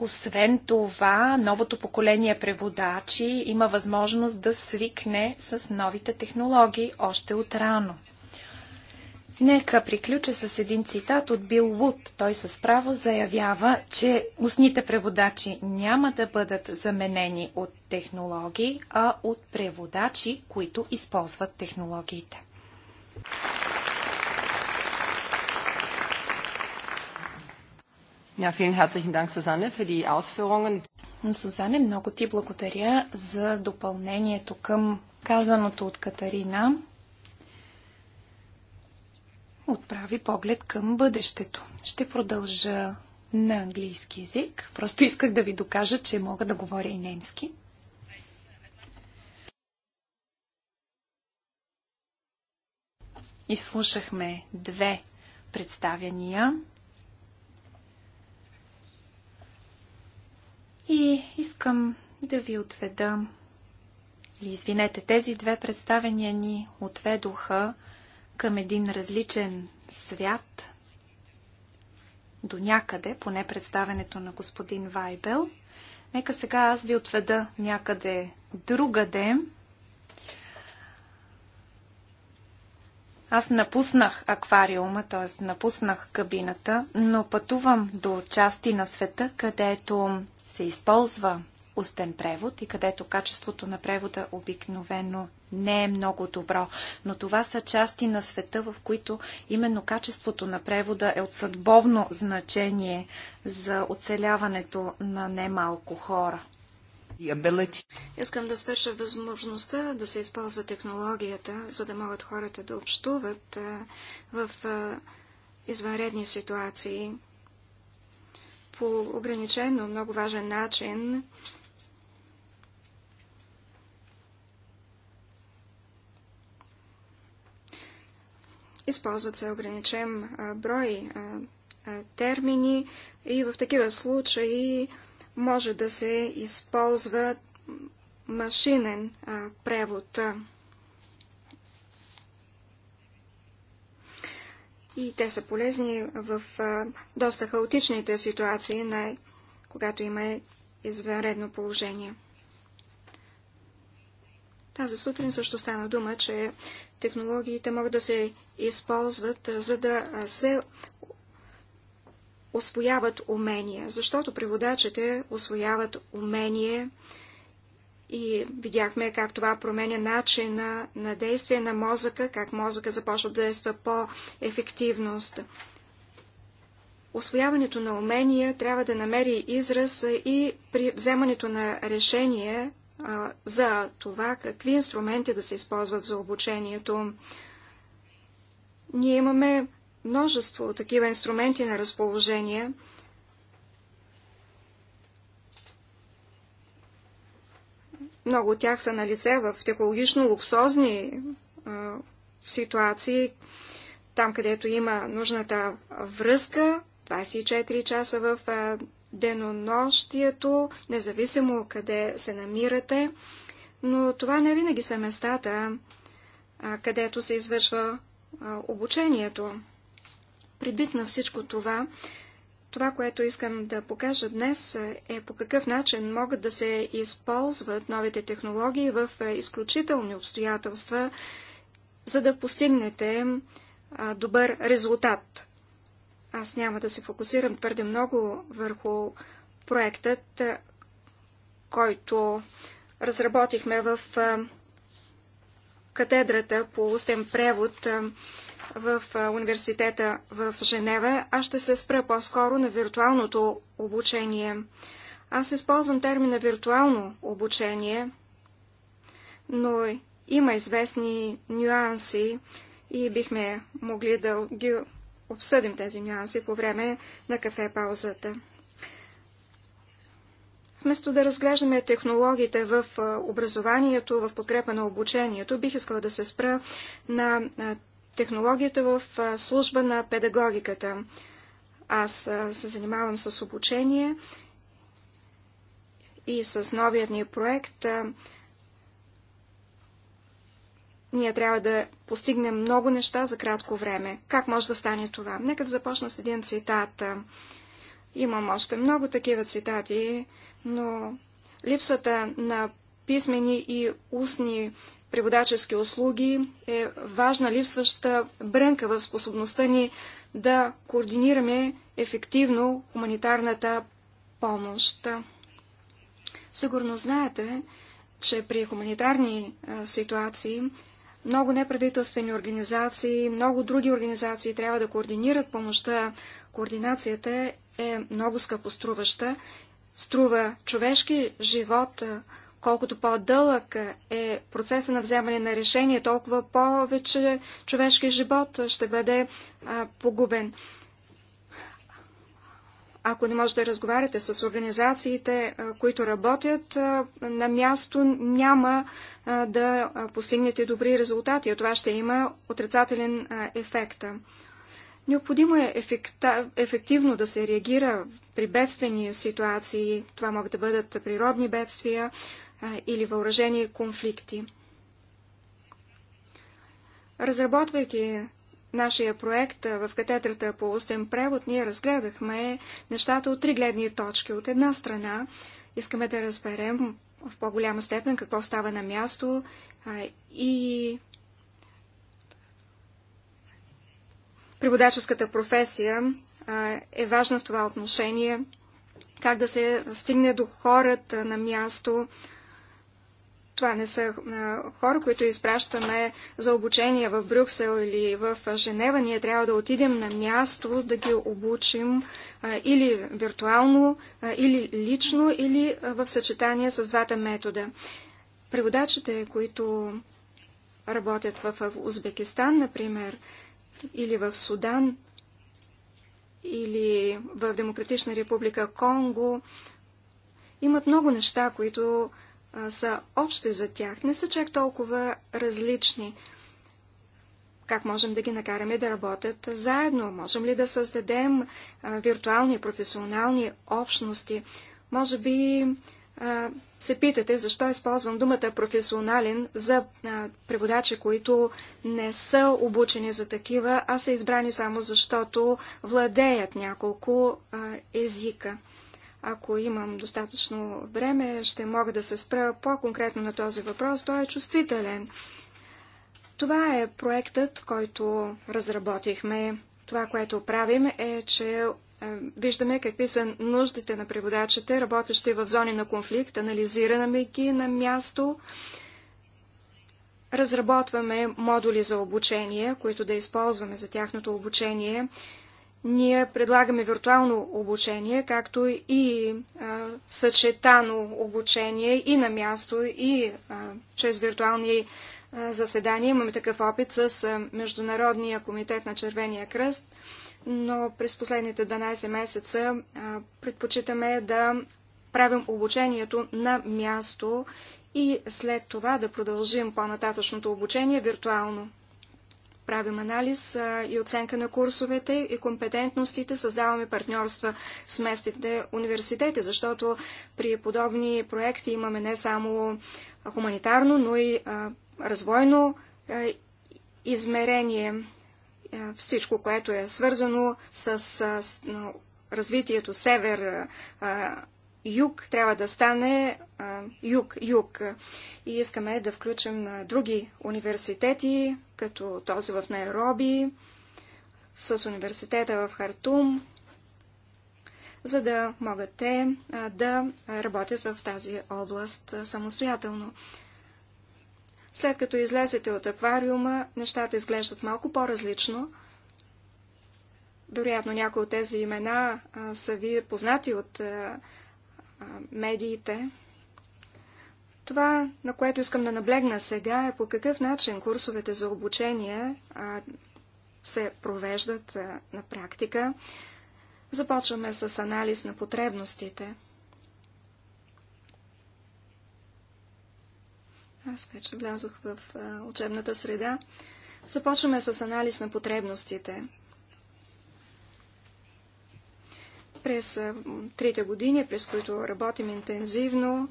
освен това, новото поколение преводачи има възможност да свикне с новите технологии още от рано. Нека приключа с един цитат от Бил Вуд. Той с право заявява, че устните преводачи няма да бъдат заменени от технологии, а от преводачи, които използват технологиите. Ja, vielen herzlichen Dank, Susanne, für die Ausführungen. Сузане, много ти благодаря за допълнението към казаното от Катарина. Отправи поглед към бъдещето. Ще продължа на английски язик. Просто исках да ви докажа, че мога да говоря и немски. Изслушахме две представяния И искам да ви отведа, или извинете, тези две представения ни отведоха към един различен свят, до някъде, поне представенето на господин Вайбел. Нека сега аз ви отведа някъде другаде. Аз напуснах аквариума, т.е. напуснах кабината, но пътувам до части на света, където се използва устен превод и където качеството на превода обикновено не е много добро. Но това са части на света, в които именно качеството на превода е от съдбовно значение за оцеляването на немалко хора. Искам да свърша възможността да се използва технологията, за да могат хората да общуват в извънредни ситуации, по ограничен, но много важен начин Използват се ограничен брой термини и в такива случаи може да се използва машинен превод. и те са полезни в доста хаотичните ситуации, на... когато има извънредно положение. Тази сутрин също стана дума, че технологиите могат да се използват, за да се освояват умения, защото преводачите освояват умения. И видяхме как това променя начина на действие на мозъка, как мозъка започва да действа по-ефективност. Освояването на умения трябва да намери израз и при вземането на решение а, за това какви инструменти да се използват за обучението. Ние имаме множество такива инструменти на разположение – Много от тях са на лице в технологично луксозни ситуации, там където има нужната връзка, 24 часа в денонощието, независимо къде се намирате, но това не винаги са местата, където се извършва обучението. Предвид на всичко това, това, което искам да покажа днес е по какъв начин могат да се използват новите технологии в е, изключителни обстоятелства, за да постигнете добър резултат. Аз няма да се фокусирам твърде много върху проектът, който разработихме в катедрата по устен превод в университета в Женева, аз ще се спра по-скоро на виртуалното обучение. Аз използвам термина виртуално обучение, но има известни нюанси и бихме могли да ги обсъдим тези нюанси по време на кафе паузата. Вместо да разглеждаме технологиите в образованието, в подкрепа на обучението, бих искала да се спра на технологията в служба на педагогиката. Аз се занимавам с обучение и с новият ни проект. Ние трябва да постигнем много неща за кратко време. Как може да стане това? Нека да започна с един цитат. Имам още много такива цитати, но липсата на писмени и устни преводачески услуги е важна липсваща брънка в способността ни да координираме ефективно хуманитарната помощ. Сигурно знаете, че при хуманитарни ситуации много неправителствени организации, много други организации трябва да координират помощта. Координацията е много скъпоструваща. Струва човешки живот, Колкото по-дълъг е процеса на вземане на решение, толкова повече човешки живот ще бъде а, погубен. Ако не можете да разговаряте с организациите, а, които работят а, на място, няма а, да постигнете добри резултати, От това ще има отрицателен а, ефект. Необходимо е ефекта, ефективно да се реагира при бедствени ситуации. Това могат да бъдат природни бедствия, или въоръжени конфликти. Разработвайки нашия проект в катедрата по устен превод, ние разгледахме нещата от три гледни точки. От една страна, искаме да разберем в по-голяма степен какво става на място и преводаческата професия е важна в това отношение, как да се стигне до хората на място, това не са хора, които изпращаме за обучение в Брюксел или в Женева. Ние трябва да отидем на място, да ги обучим или виртуално, или лично, или в съчетание с двата метода. Преводачите, които работят в Узбекистан, например, или в Судан, или в Демократична република Конго, имат много неща, които са общи за тях, не са чак толкова различни. Как можем да ги накараме да работят заедно? Можем ли да създадем виртуални професионални общности? Може би се питате защо използвам думата професионален за преводачи, които не са обучени за такива, а са избрани само защото владеят няколко езика. Ако имам достатъчно време, ще мога да се спра по-конкретно на този въпрос. Той е чувствителен. Това е проектът, който разработихме. Това, което правим е, че е, виждаме какви са нуждите на преводачите, работещи в зони на конфликт, анализираме ги на място, разработваме модули за обучение, които да използваме за тяхното обучение ние предлагаме виртуално обучение, както и а, съчетано обучение и на място, и а, чрез виртуални а, заседания. Имаме такъв опит с а, Международния комитет на Червения кръст, но през последните 12 месеца а, предпочитаме да правим обучението на място и след това да продължим по-нататъчното обучение виртуално правим анализ а, и оценка на курсовете и компетентностите, създаваме партньорства с местните университети, защото при подобни проекти имаме не само хуманитарно, но и а, развойно а, измерение. Всичко, което е свързано с, с развитието север, юг трябва да стане юг-юг. И искаме да включим други университети, като този в Найроби, с университета в Хартум, за да могат те да работят в тази област самостоятелно. След като излезете от аквариума, нещата изглеждат малко по-различно. Вероятно някои от тези имена са ви познати от а, медиите. Това, на което искам да наблегна сега, е по какъв начин курсовете за обучение а, се провеждат а, на практика. Започваме с анализ на потребностите. Аз вече влязох в а, учебната среда. Започваме с анализ на потребностите. През трите години, през които работим интензивно,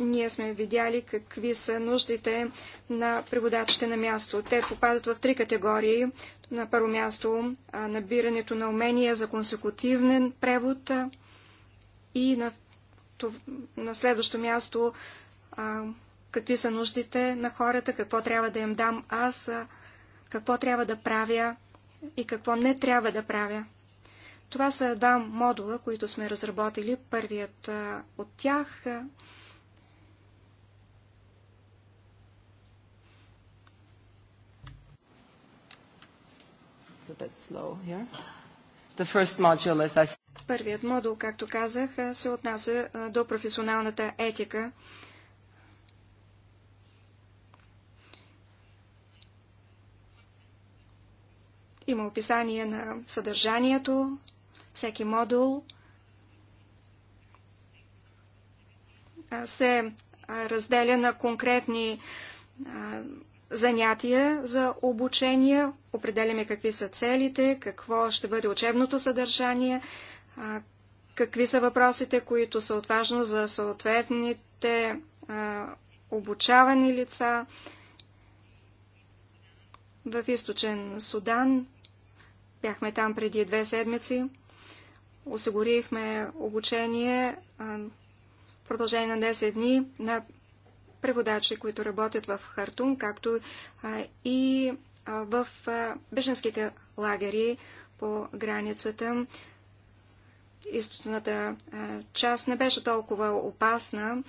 ние сме видяли какви са нуждите на преводачите на място. Те попадат в три категории. На първо място набирането на умения за консекутивен превод и на, на следващо място какви са нуждите на хората, какво трябва да им дам аз, какво трябва да правя и какво не трябва да правя. Това са два модула, които сме разработили. Първият от тях Първият модул, както казах, се отнася до професионалната етика. Има описание на съдържанието всеки модул се разделя на конкретни занятия за обучение, определяме какви са целите, какво ще бъде учебното съдържание, какви са въпросите, които са отважно за съответните обучавани лица. В източен Судан бяхме там преди две седмици осигурихме обучение в продължение на 10 дни на преводачи, които работят в Хартум, както и в беженските лагери по границата. Източната част не беше толкова опасна,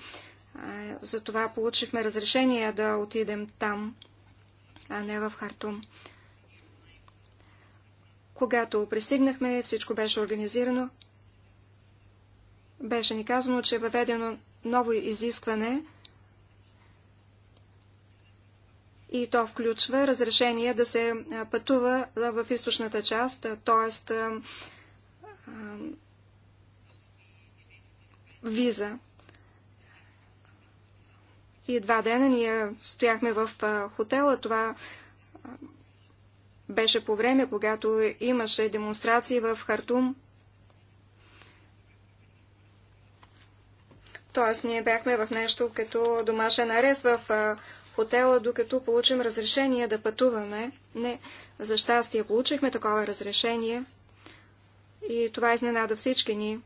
затова получихме разрешение да отидем там, а не в Хартум. Когато пристигнахме, всичко беше организирано. Беше ни казано, че е въведено ново изискване и то включва разрешение да се пътува в източната част, т.е. виза. И два дена ние стояхме в хотела, това беше по време, когато имаше демонстрации в Хартум. Тоест, ние бяхме в нещо като домашен арест в а, хотела, докато получим разрешение да пътуваме. Не, за щастие получихме такова разрешение и това изненада всички ни.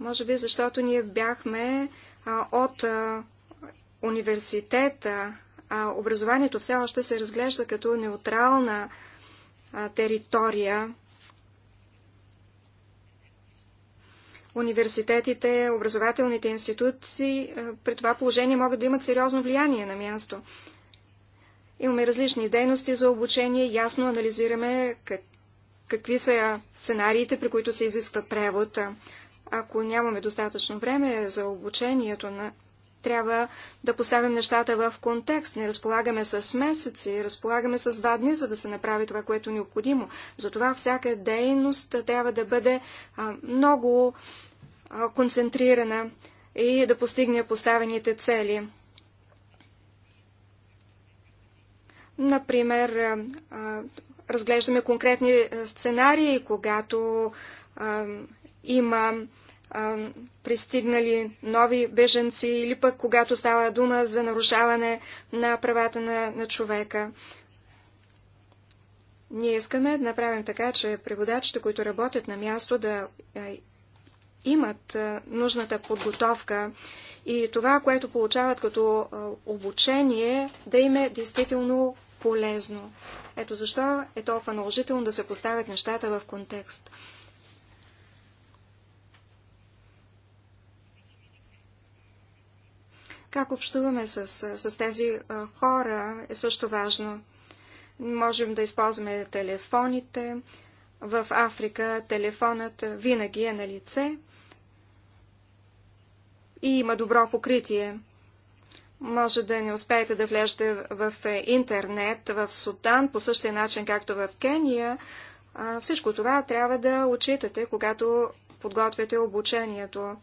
Може би защото ние бяхме а, от а, университета, а образованието все още се разглежда като неутрална територия. Университетите, образователните институции при това положение могат да имат сериозно влияние на място. Имаме различни дейности за обучение, ясно анализираме как, какви са сценариите, при които се изисква превод. Ако нямаме достатъчно време за обучението на трябва да поставим нещата в контекст. Не разполагаме с месеци, разполагаме с два дни, за да се направи това, което е необходимо. Затова всяка дейност трябва да бъде а, много а, концентрирана и да постигне поставените цели. Например, а, разглеждаме конкретни сценарии, когато а, има пристигнали нови беженци или пък когато става дума за нарушаване на правата на, на човека. Ние искаме да направим така, че преводачите, които работят на място, да а, имат а, нужната подготовка и това, което получават като а, обучение, да им е действително полезно. Ето защо е толкова наложително да се поставят нещата в контекст. Как общуваме с, с тези хора е също важно. Можем да използваме телефоните. В Африка телефонът винаги е на лице и има добро покритие. Може да не успеете да влезете в интернет в Судан по същия начин, както в Кения. Всичко това трябва да отчитате, когато подготвяте обучението.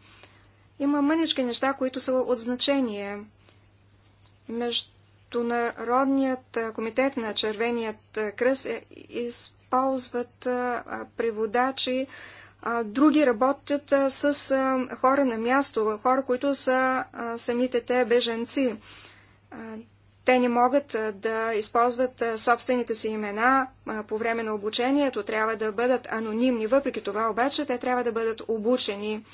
Има мънички неща, които са от значение. Международният комитет на Червеният кръст е, използват а, преводачи, а, други работят а, с а, хора на място, хора, които са а, самите те беженци. А, те не могат да използват собствените си имена по време на обучението, трябва да бъдат анонимни. Въпреки това обаче те трябва да бъдат обучени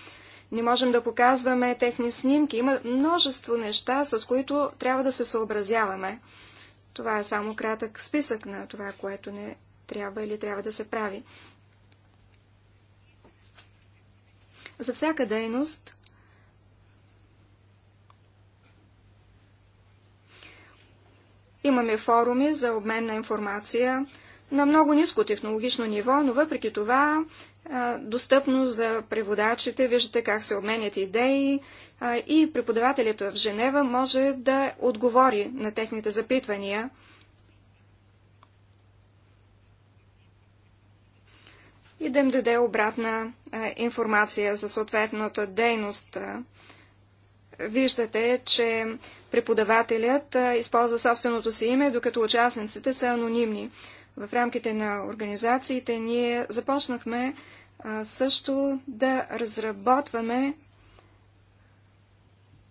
не можем да показваме техни снимки. Има множество неща, с които трябва да се съобразяваме. Това е само кратък списък на това, което не трябва или трябва да се прави. За всяка дейност имаме форуми за обмен на информация, на много ниско технологично ниво, но въпреки това достъпно за преводачите. Виждате как се обменят идеи и преподавателят в Женева може да отговори на техните запитвания. и да им даде обратна информация за съответната дейност. Виждате, че преподавателят използва собственото си име, докато участниците са анонимни в рамките на организациите ние започнахме също да разработваме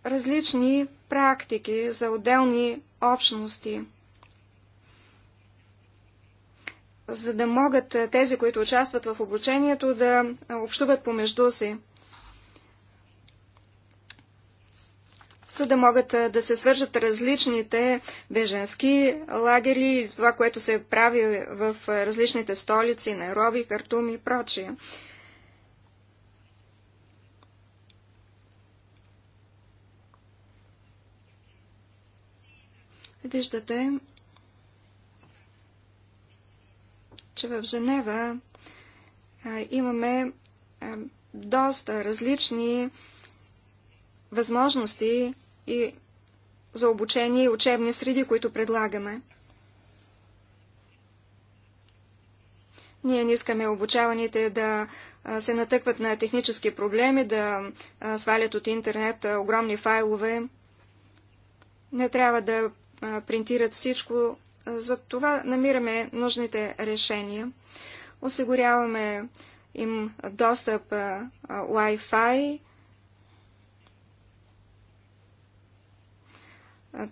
различни практики за отделни общности, за да могат тези, които участват в обучението, да общуват помежду си. за да могат да се свържат различните беженски лагери, това, което се прави в различните столици, Найроби, Картуми и прочие. Виждате, че в Женева а, имаме а, доста различни възможности и за обучение и учебни среди, които предлагаме. Ние не искаме обучаваните да се натъкват на технически проблеми, да свалят от интернет огромни файлове. Не трябва да принтират всичко. За това намираме нужните решения. Осигуряваме им достъп Wi-Fi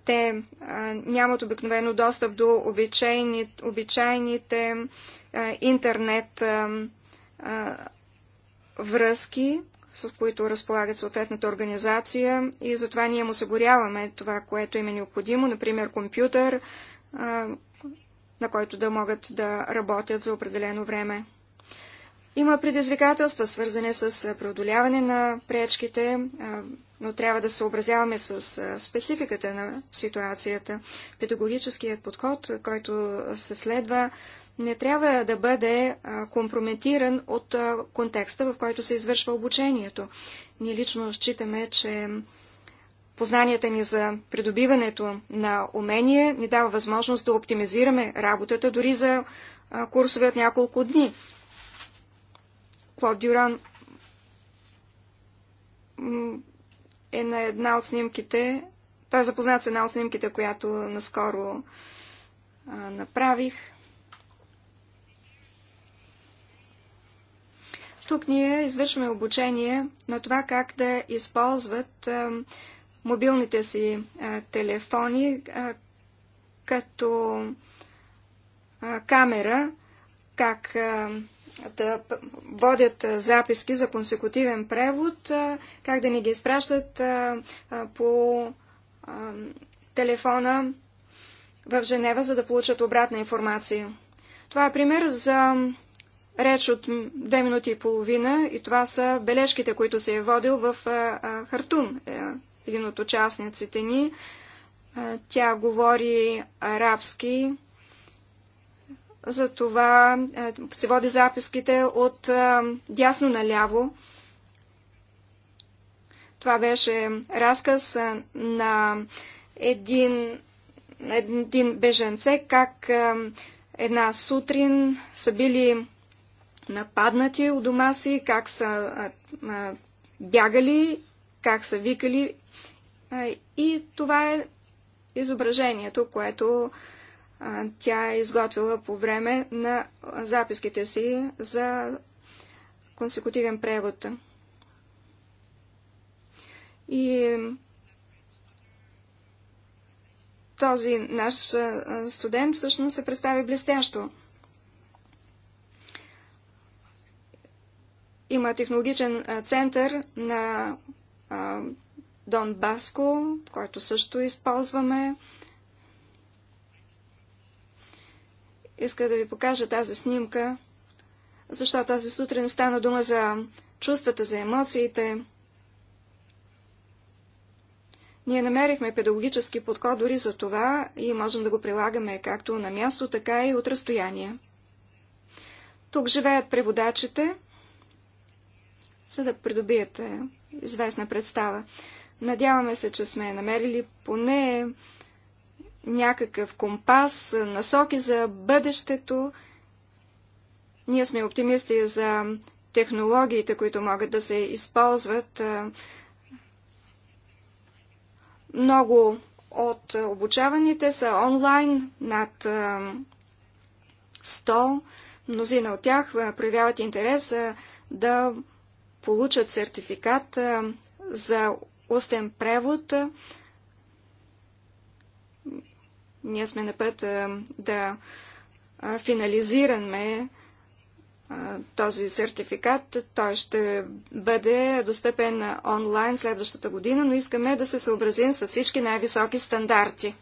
Те нямат обикновено достъп до обичайни, обичайните интернет връзки, с които разполагат съответната организация и затова ние им осигуряваме това, което им е необходимо, например компютър, на който да могат да работят за определено време. Има предизвикателства, свързани с преодоляване на пречките, но трябва да съобразяваме с спецификата на ситуацията. Педагогическият подход, който се следва, не трябва да бъде компрометиран от контекста, в който се извършва обучението. Ние лично считаме, че познанията ни за придобиването на умение ни дава възможност да оптимизираме работата дори за курсове от няколко дни. Клод Дюран е на една от снимките. Той е запознат с една от снимките, която наскоро а, направих. Тук ние извършваме обучение на това как да използват а, мобилните си а, телефони а, като а, камера, как а, да водят записки за консекутивен превод, как да ни ги изпращат по телефона в Женева, за да получат обратна информация. Това е пример за реч от две минути и половина и това са бележките, които се е водил в Хартум, е, един от участниците ни. Тя говори арабски, за това е, се води записките от е, дясно наляво. Това беше разказ е, на един, един беженце, как една сутрин са били нападнати у дома си, как са бягали, как са викали. И това е изображението, което тя е изготвила по време на записките си за консекутивен превод. И този наш студент всъщност се представи блестящо. Има технологичен център на Дон Баско, който също използваме. Иска да ви покажа тази снимка, защото тази сутрин стана дума за чувствата, за емоциите. Ние намерихме педагогически подход дори за това и можем да го прилагаме както на място, така и от разстояние. Тук живеят преводачите, за да придобиете известна представа. Надяваме се, че сме намерили поне някакъв компас, насоки за бъдещето. Ние сме оптимисти за технологиите, които могат да се използват. Е, много от обучаваните са онлайн, над 100. Е, Мнозина от тях е, проявяват интерес да получат сертификат за устен превод. Ние сме на път да финализираме този сертификат. Той ще бъде достъпен онлайн следващата година, но искаме да се съобразим с всички най-високи стандарти.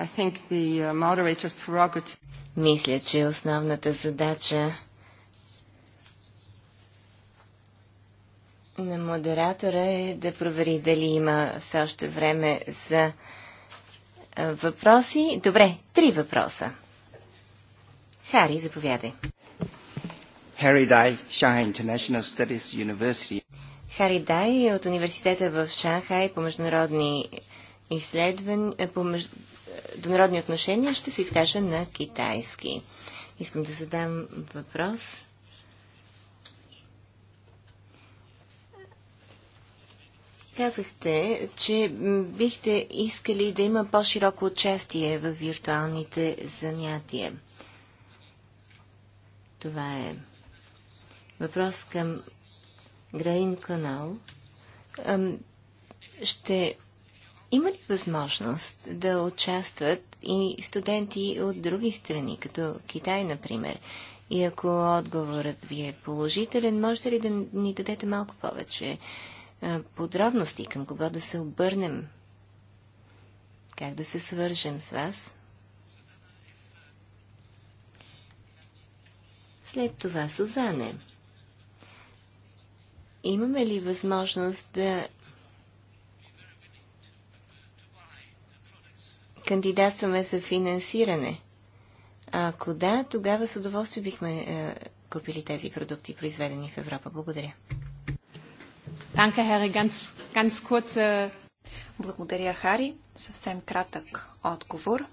Uh, Мисля, че основната задача на модератора е да провери дали има все още време за въпроси. Добре, три въпроса. Хари, заповядай. Хари Дай, Шанхай International Studies University. Хари Дай е от университета в Шанхай по международни изследвания, е, по международни е, отношения ще се изкажа на китайски. Искам да задам въпрос Казахте, че бихте искали да има по-широко участие в виртуалните занятия. Това е въпрос към Грейн канал. Ще има ли възможност да участват и студенти от други страни, като Китай, например? И ако отговорът ви е положителен, можете ли да ни дадете малко повече подробности, към кого да се обърнем, как да се свържем с вас. След това Сузане. Имаме ли възможност да кандидатстваме за финансиране? Ако да, тогава с удоволствие бихме е, купили тези продукти, произведени в Европа. Благодаря. Danke, Harry. Ganz, ganz kurze... Благодаря, Хари. Съвсем кратък отговор.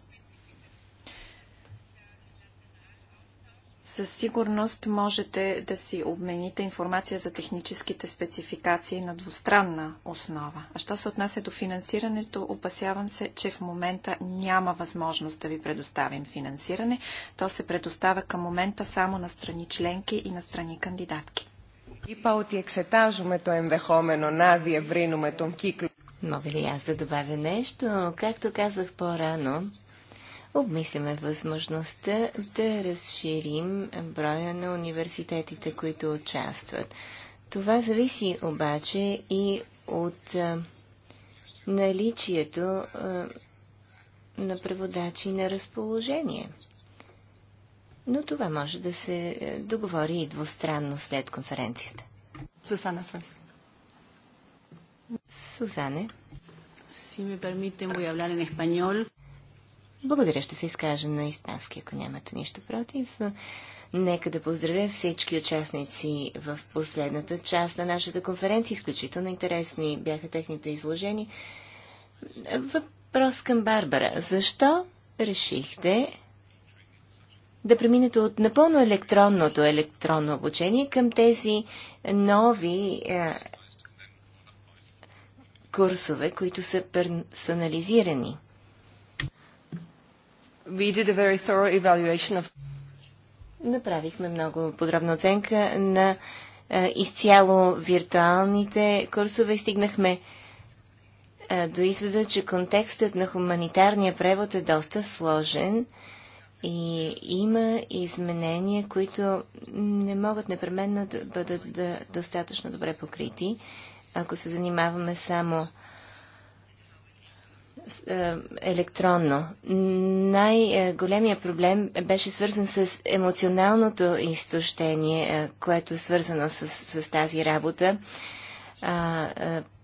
Със сигурност можете да си обмените информация за техническите спецификации на двустранна основа. А що се отнася до финансирането, опасявам се, че в момента няма възможност да ви предоставим финансиране. То се предоставя към момента само на страни членки и на страни кандидатки. Είπα ότι εξετάζουμε το ενδεχόμενο να διευρύνουμε τον κύκλο. Мога ли аз да добавя нещо? Както казах по-рано, обмисляме възможността да разширим броя на университетите, които участват. Това зависи обаче и от наличието на преводачи на разположение. Но това може да се е, договори и двустранно след конференцията. Сусана first. Сузане. Си ме пермите, му являне на испаньол. Благодаря, ще се изкажа на испански, ако нямате нищо против. Нека да поздравя всички участници в последната част на нашата конференция. Изключително интересни бяха техните изложения. Въпрос към Барбара. Защо решихте да преминете от напълно електронното електронно обучение към тези нови е, курсове, които са персонализирани. We did a very thorough evaluation of... Направихме много подробна оценка на е, изцяло виртуалните курсове и стигнахме е, до извода, че контекстът на хуманитарния превод е доста сложен. Е, и има изменения, които не могат непременно да бъдат да, достатъчно добре покрити, ако се занимаваме само е, електронно. Най-големия проблем беше свързан с емоционалното изтощение, е, което е свързано с, с тази работа, е,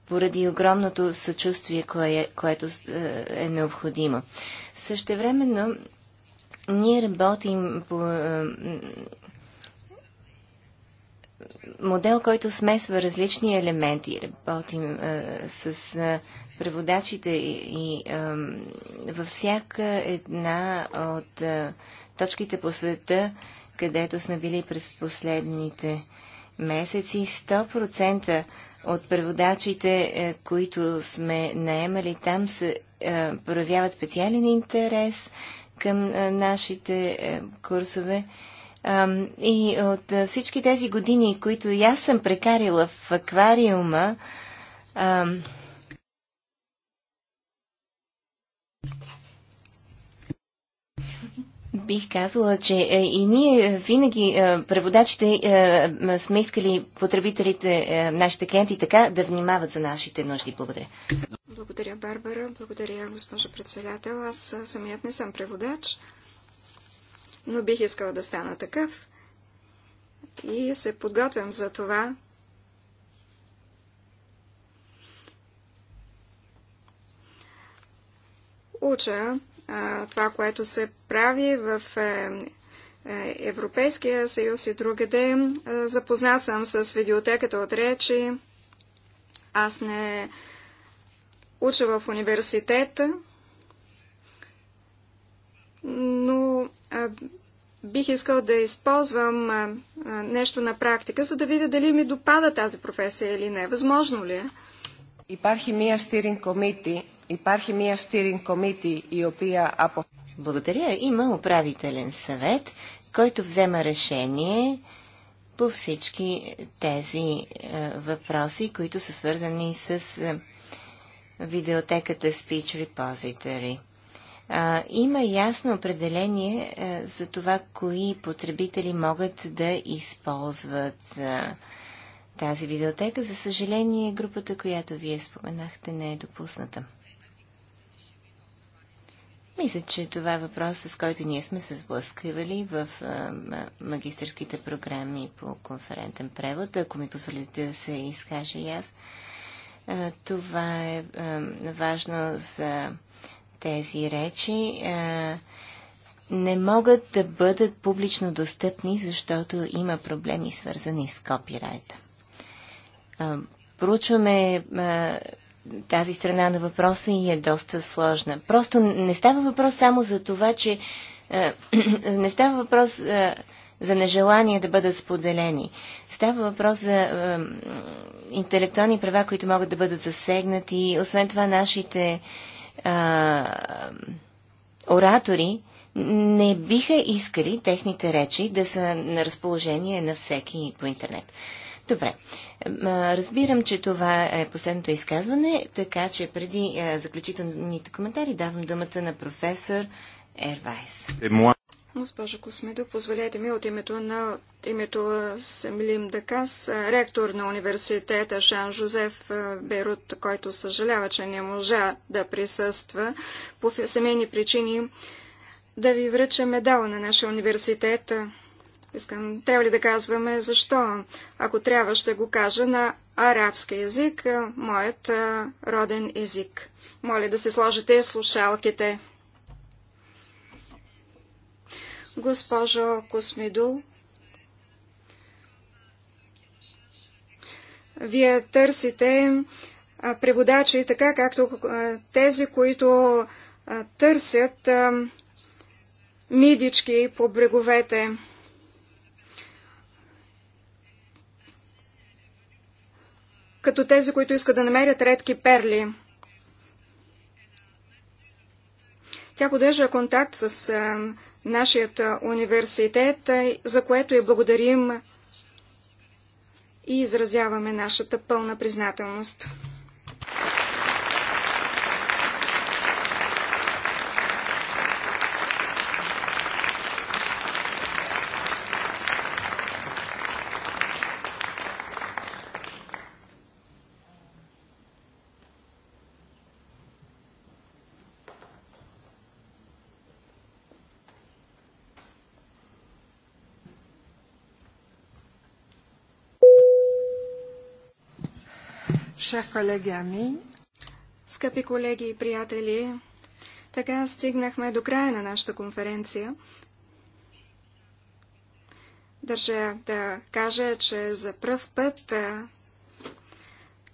поради огромното съчувствие, кое, което е необходимо. Същевременно ние работим по е, модел, който смесва различни елементи. Работим а, е, с а, е, преводачите и, а, във всяка една от а, точките по света, където сме били през последните месеци, 100% от преводачите, а, които сме наемали там, а, проявяват специален интерес към нашите е, курсове. И от всички тези години, които и аз съм прекарила в аквариума, бих казала, че е, и ние винаги, е, преводачите, е, сме искали потребителите, нашите клиенти така да внимават за нашите нужди. Благодаря. Благодаря, Барбара. Благодаря, госпожо председател. Аз самият не съм преводач, но бих искала да стана такъв. И се подготвям за това. Уча това, което се прави в е, е, Европейския съюз и другаде. Запознат съм с видеотеката от речи. Аз не уча в университета, но бих искал да използвам нещо на практика, за да видя дали ми допада тази професия или не. Възможно ли е? Υπάρχει μία steering committee Υπάρχει steering committee η οποία απο... Благодаря. Има управителен съвет, който взема решение по всички тези е, въпроси, които са свързани с е, видеотеката Speech Repository. има ясно определение е, за това, кои потребители могат да използват е, тази видеотека. За съжаление, групата, която вие споменахте, не е допусната. Мисля, че това е въпрос, с който ние сме се сблъскривали в магистрските програми по конферентен превод. Ако ми позволите да се изкажа и аз, това е важно за тези речи. Не могат да бъдат публично достъпни, защото има проблеми свързани с копирайта. Проучваме тази страна на въпроса и е доста сложна. Просто не става въпрос само за това, че е, не става въпрос е, за нежелание да бъдат споделени. Става въпрос за е, интелектуални права, които могат да бъдат засегнати. и Освен това, нашите е, оратори не биха искали техните речи да са на разположение на всеки по интернет. Добре. Разбирам, че това е последното изказване, така че преди е, заключителните коментари давам думата на професор Ервайс. Е, Госпожо Космедо, позволете ми от името на името е, Семилим Дакас, ректор на университета Шан Жозеф Берут, който съжалява, че не можа да присъства по семейни причини, да ви връча медала на нашия университет. Искам, трябва ли да казваме защо? Ако трябва, ще го кажа на арабски язик, моят роден език. Моля да се сложите слушалките. Госпожо Космидул, вие търсите преводачи, така както тези, които търсят мидички по бреговете. като тези, които искат да намерят редки перли. Тя поддържа контакт с нашият университет, за което я благодарим и изразяваме нашата пълна признателност. Скъпи колеги и приятели, така стигнахме до края на нашата конференция. Държа да кажа, че за пръв път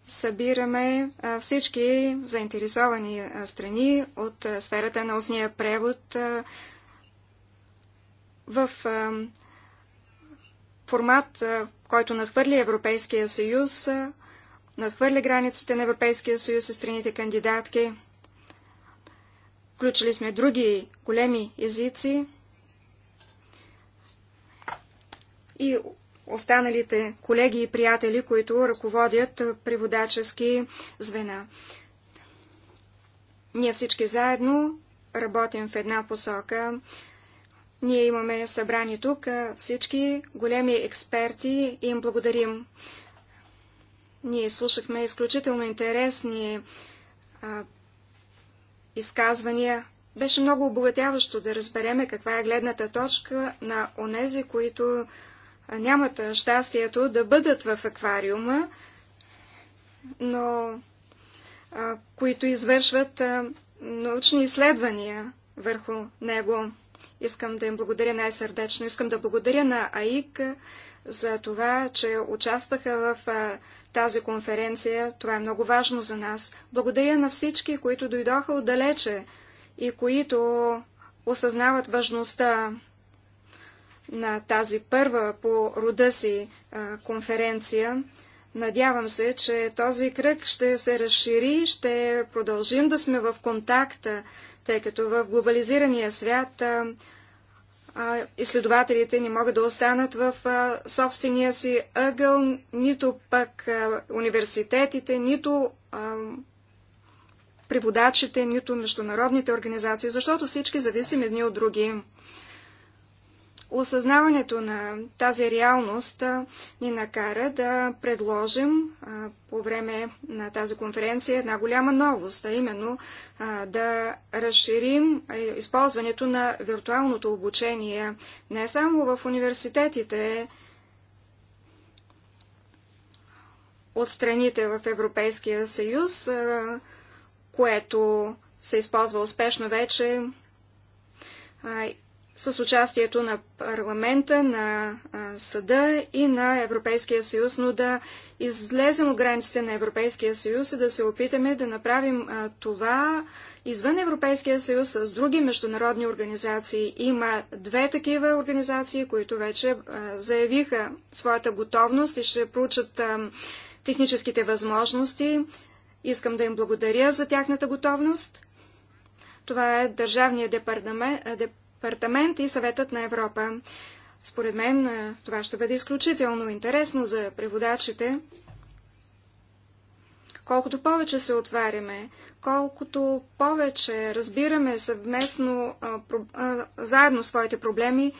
събираме всички заинтересовани страни от сферата на устния превод в формат, който надхвърли Европейския съюз, надхвърля границите на Европейския съюз със страните кандидатки. Включили сме други големи езици и останалите колеги и приятели, които ръководят преводачески звена. Ние всички заедно работим в една посока. Ние имаме събрани тук всички големи експерти и им благодарим. Ние слушахме изключително интересни а, изказвания. Беше много обогатяващо да разбереме каква е гледната точка на онези, които нямат щастието да бъдат в аквариума, но а, които извършват а, научни изследвания върху него. Искам да им благодаря най-сърдечно. Искам да благодаря на АИК за това, че участваха в а, тази конференция. Това е много важно за нас. Благодаря на всички, които дойдоха отдалече и които осъзнават важността на тази първа по рода си конференция. Надявам се, че този кръг ще се разшири, ще продължим да сме в контакта, тъй като в глобализирания свят а, а, изследователите не могат да останат в а, собствения си ъгъл, нито пък а, университетите, нито а, преводачите, нито международните организации, защото всички зависим едни от други. Осъзнаването на тази реалност ни накара да предложим по време на тази конференция една голяма новост, а именно да разширим използването на виртуалното обучение не само в университетите от страните в Европейския съюз, което се използва успешно вече с участието на парламента, на съда и на Европейския съюз, но да излезем от границите на Европейския съюз и да се опитаме да направим това извън Европейския съюз с други международни организации. Има две такива организации, които вече заявиха своята готовност и ще проучат техническите възможности. Искам да им благодаря за тяхната готовност. Това е Държавният департамент, парламент и съветът на Европа. Според мен това ще бъде изключително интересно за преводачите. Колкото повече се отваряме, колкото повече разбираме съвместно, а, про, а, заедно своите проблеми,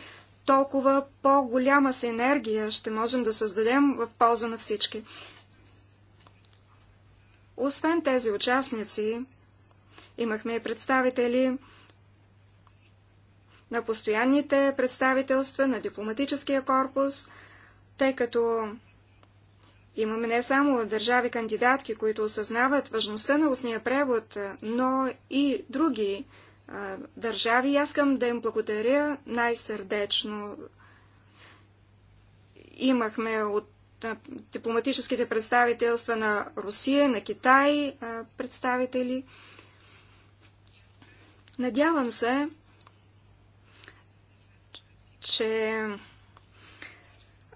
толкова по-голяма синергия ще можем да създадем в полза на всички. Освен тези участници, имахме и представители на постоянните представителства, на дипломатическия корпус, тъй като имаме не само държави кандидатки, които осъзнават важността на устния превод, но и други а, държави. И аз искам да им благодаря най-сърдечно. Имахме от а, дипломатическите представителства на Русия, на Китай а, представители. Надявам се, че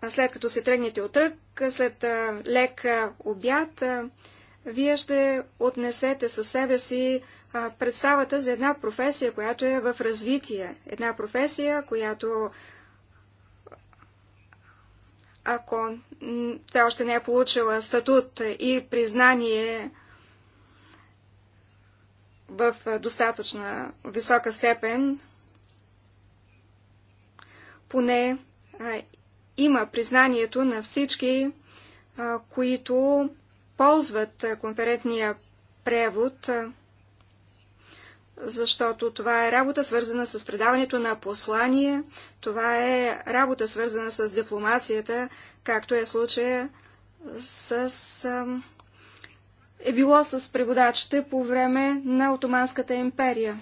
след като се тръгнете от тръг, след лек обяд, вие ще отнесете със себе си представата за една професия, която е в развитие. Една професия, която ако тя още не е получила статут и признание в достатъчна висока степен, поне а, има признанието на всички, а, които ползват конферентния превод, а, защото това е работа свързана с предаването на послание, това е работа свързана с дипломацията, както е случая с... А, е било с преводачите по време на Отоманската империя.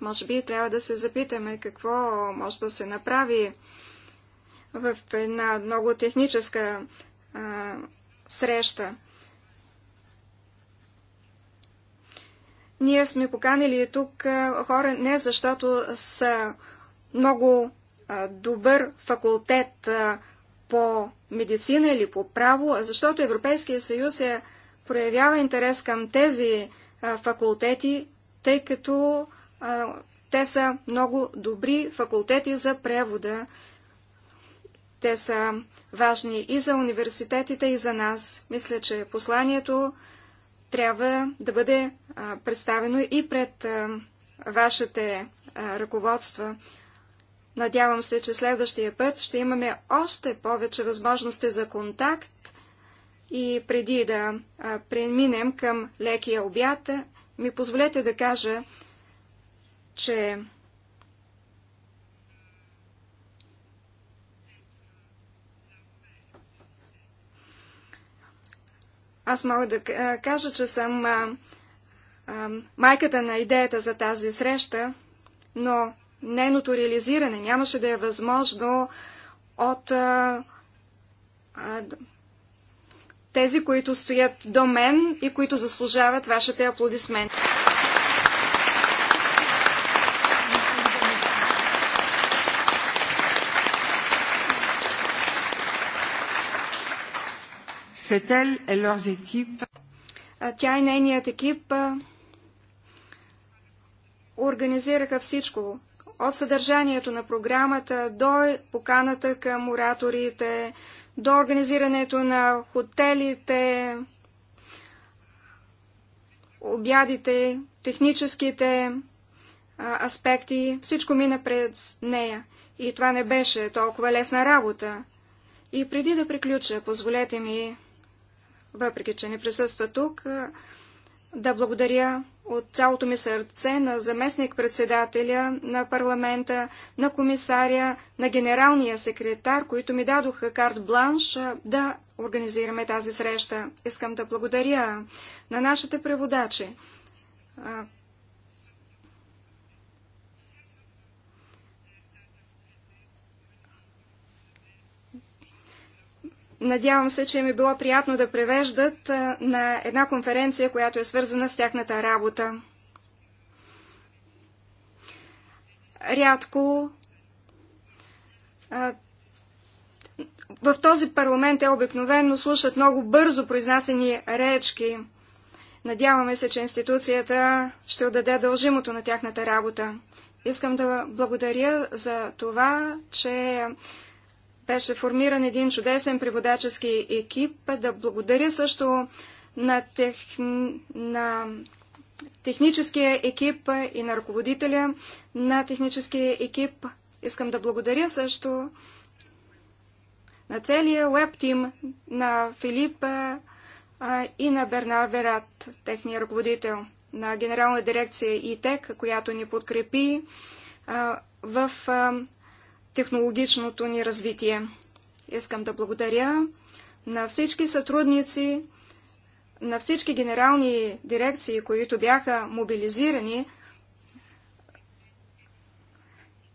Може би трябва да се запитаме какво може да се направи в една много техническа а, среща. Ние сме поканили тук хора не защото са много а, добър факултет а, по медицина или по право, а защото Европейския съюз е проявява интерес към тези а, факултети, тъй като те са много добри факултети за превода. Те са важни и за университетите, и за нас. Мисля, че посланието трябва да бъде а, представено и пред а, вашите а, ръководства. Надявам се, че следващия път ще имаме още повече възможности за контакт и преди да преминем към лекия обята, ми позволете да кажа, че аз мога да кажа, че съм а, а, майката на идеята за тази среща, но нейното реализиране нямаше да е възможно от а, а, тези, които стоят до мен и които заслужават вашите аплодисменти. Тя и нейният екип организираха всичко. От съдържанието на програмата до поканата към ораторите, до организирането на хотелите, обядите, техническите аспекти, всичко мина пред нея. И това не беше толкова лесна работа. И преди да приключа, позволете ми въпреки че не присъства тук, да благодаря от цялото ми сърце на заместник-председателя на парламента, на комисаря, на генералния секретар, които ми дадоха карт бланш да организираме тази среща. Искам да благодаря на нашите преводачи, Надявам се, че им е било приятно да превеждат на една конференция, която е свързана с тяхната работа. Рядко в този парламент те обикновено слушат много бързо произнасени речки. Надяваме се, че институцията ще отдаде дължимото на тяхната работа. Искам да благодаря за това, че беше формиран един чудесен преводачески екип. Да благодаря също на, тех... на техническия екип и на ръководителя на техническия екип. Искам да благодаря също на целия веб-тим на Филипа и на Бернар Верат, техния ръководител на Генерална дирекция ИТЕК, която ни подкрепи в технологичното ни развитие. Искам да благодаря на всички сътрудници, на всички генерални дирекции, които бяха мобилизирани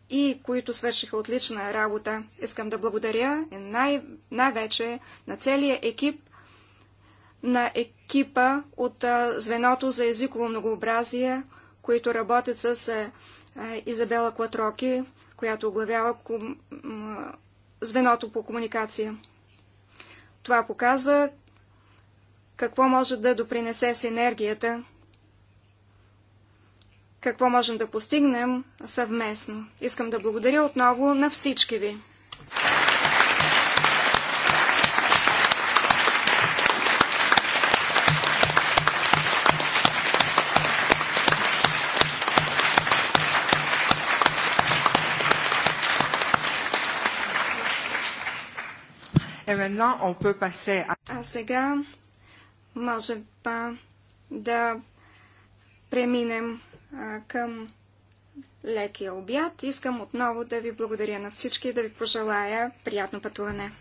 и които свършиха отлична работа. Искам да благодаря най- най-вече на целия екип, на екипа от звеното за езиково многообразие, които работят с Изабела Кватроки която оглавява ком... звеното по комуникация. Това показва какво може да допринесе с енергията, какво можем да постигнем съвместно. Искам да благодаря отново на всички ви. А сега може па да преминем а, към лекия обяд. Искам отново да ви благодаря на всички и да ви пожелая приятно пътуване.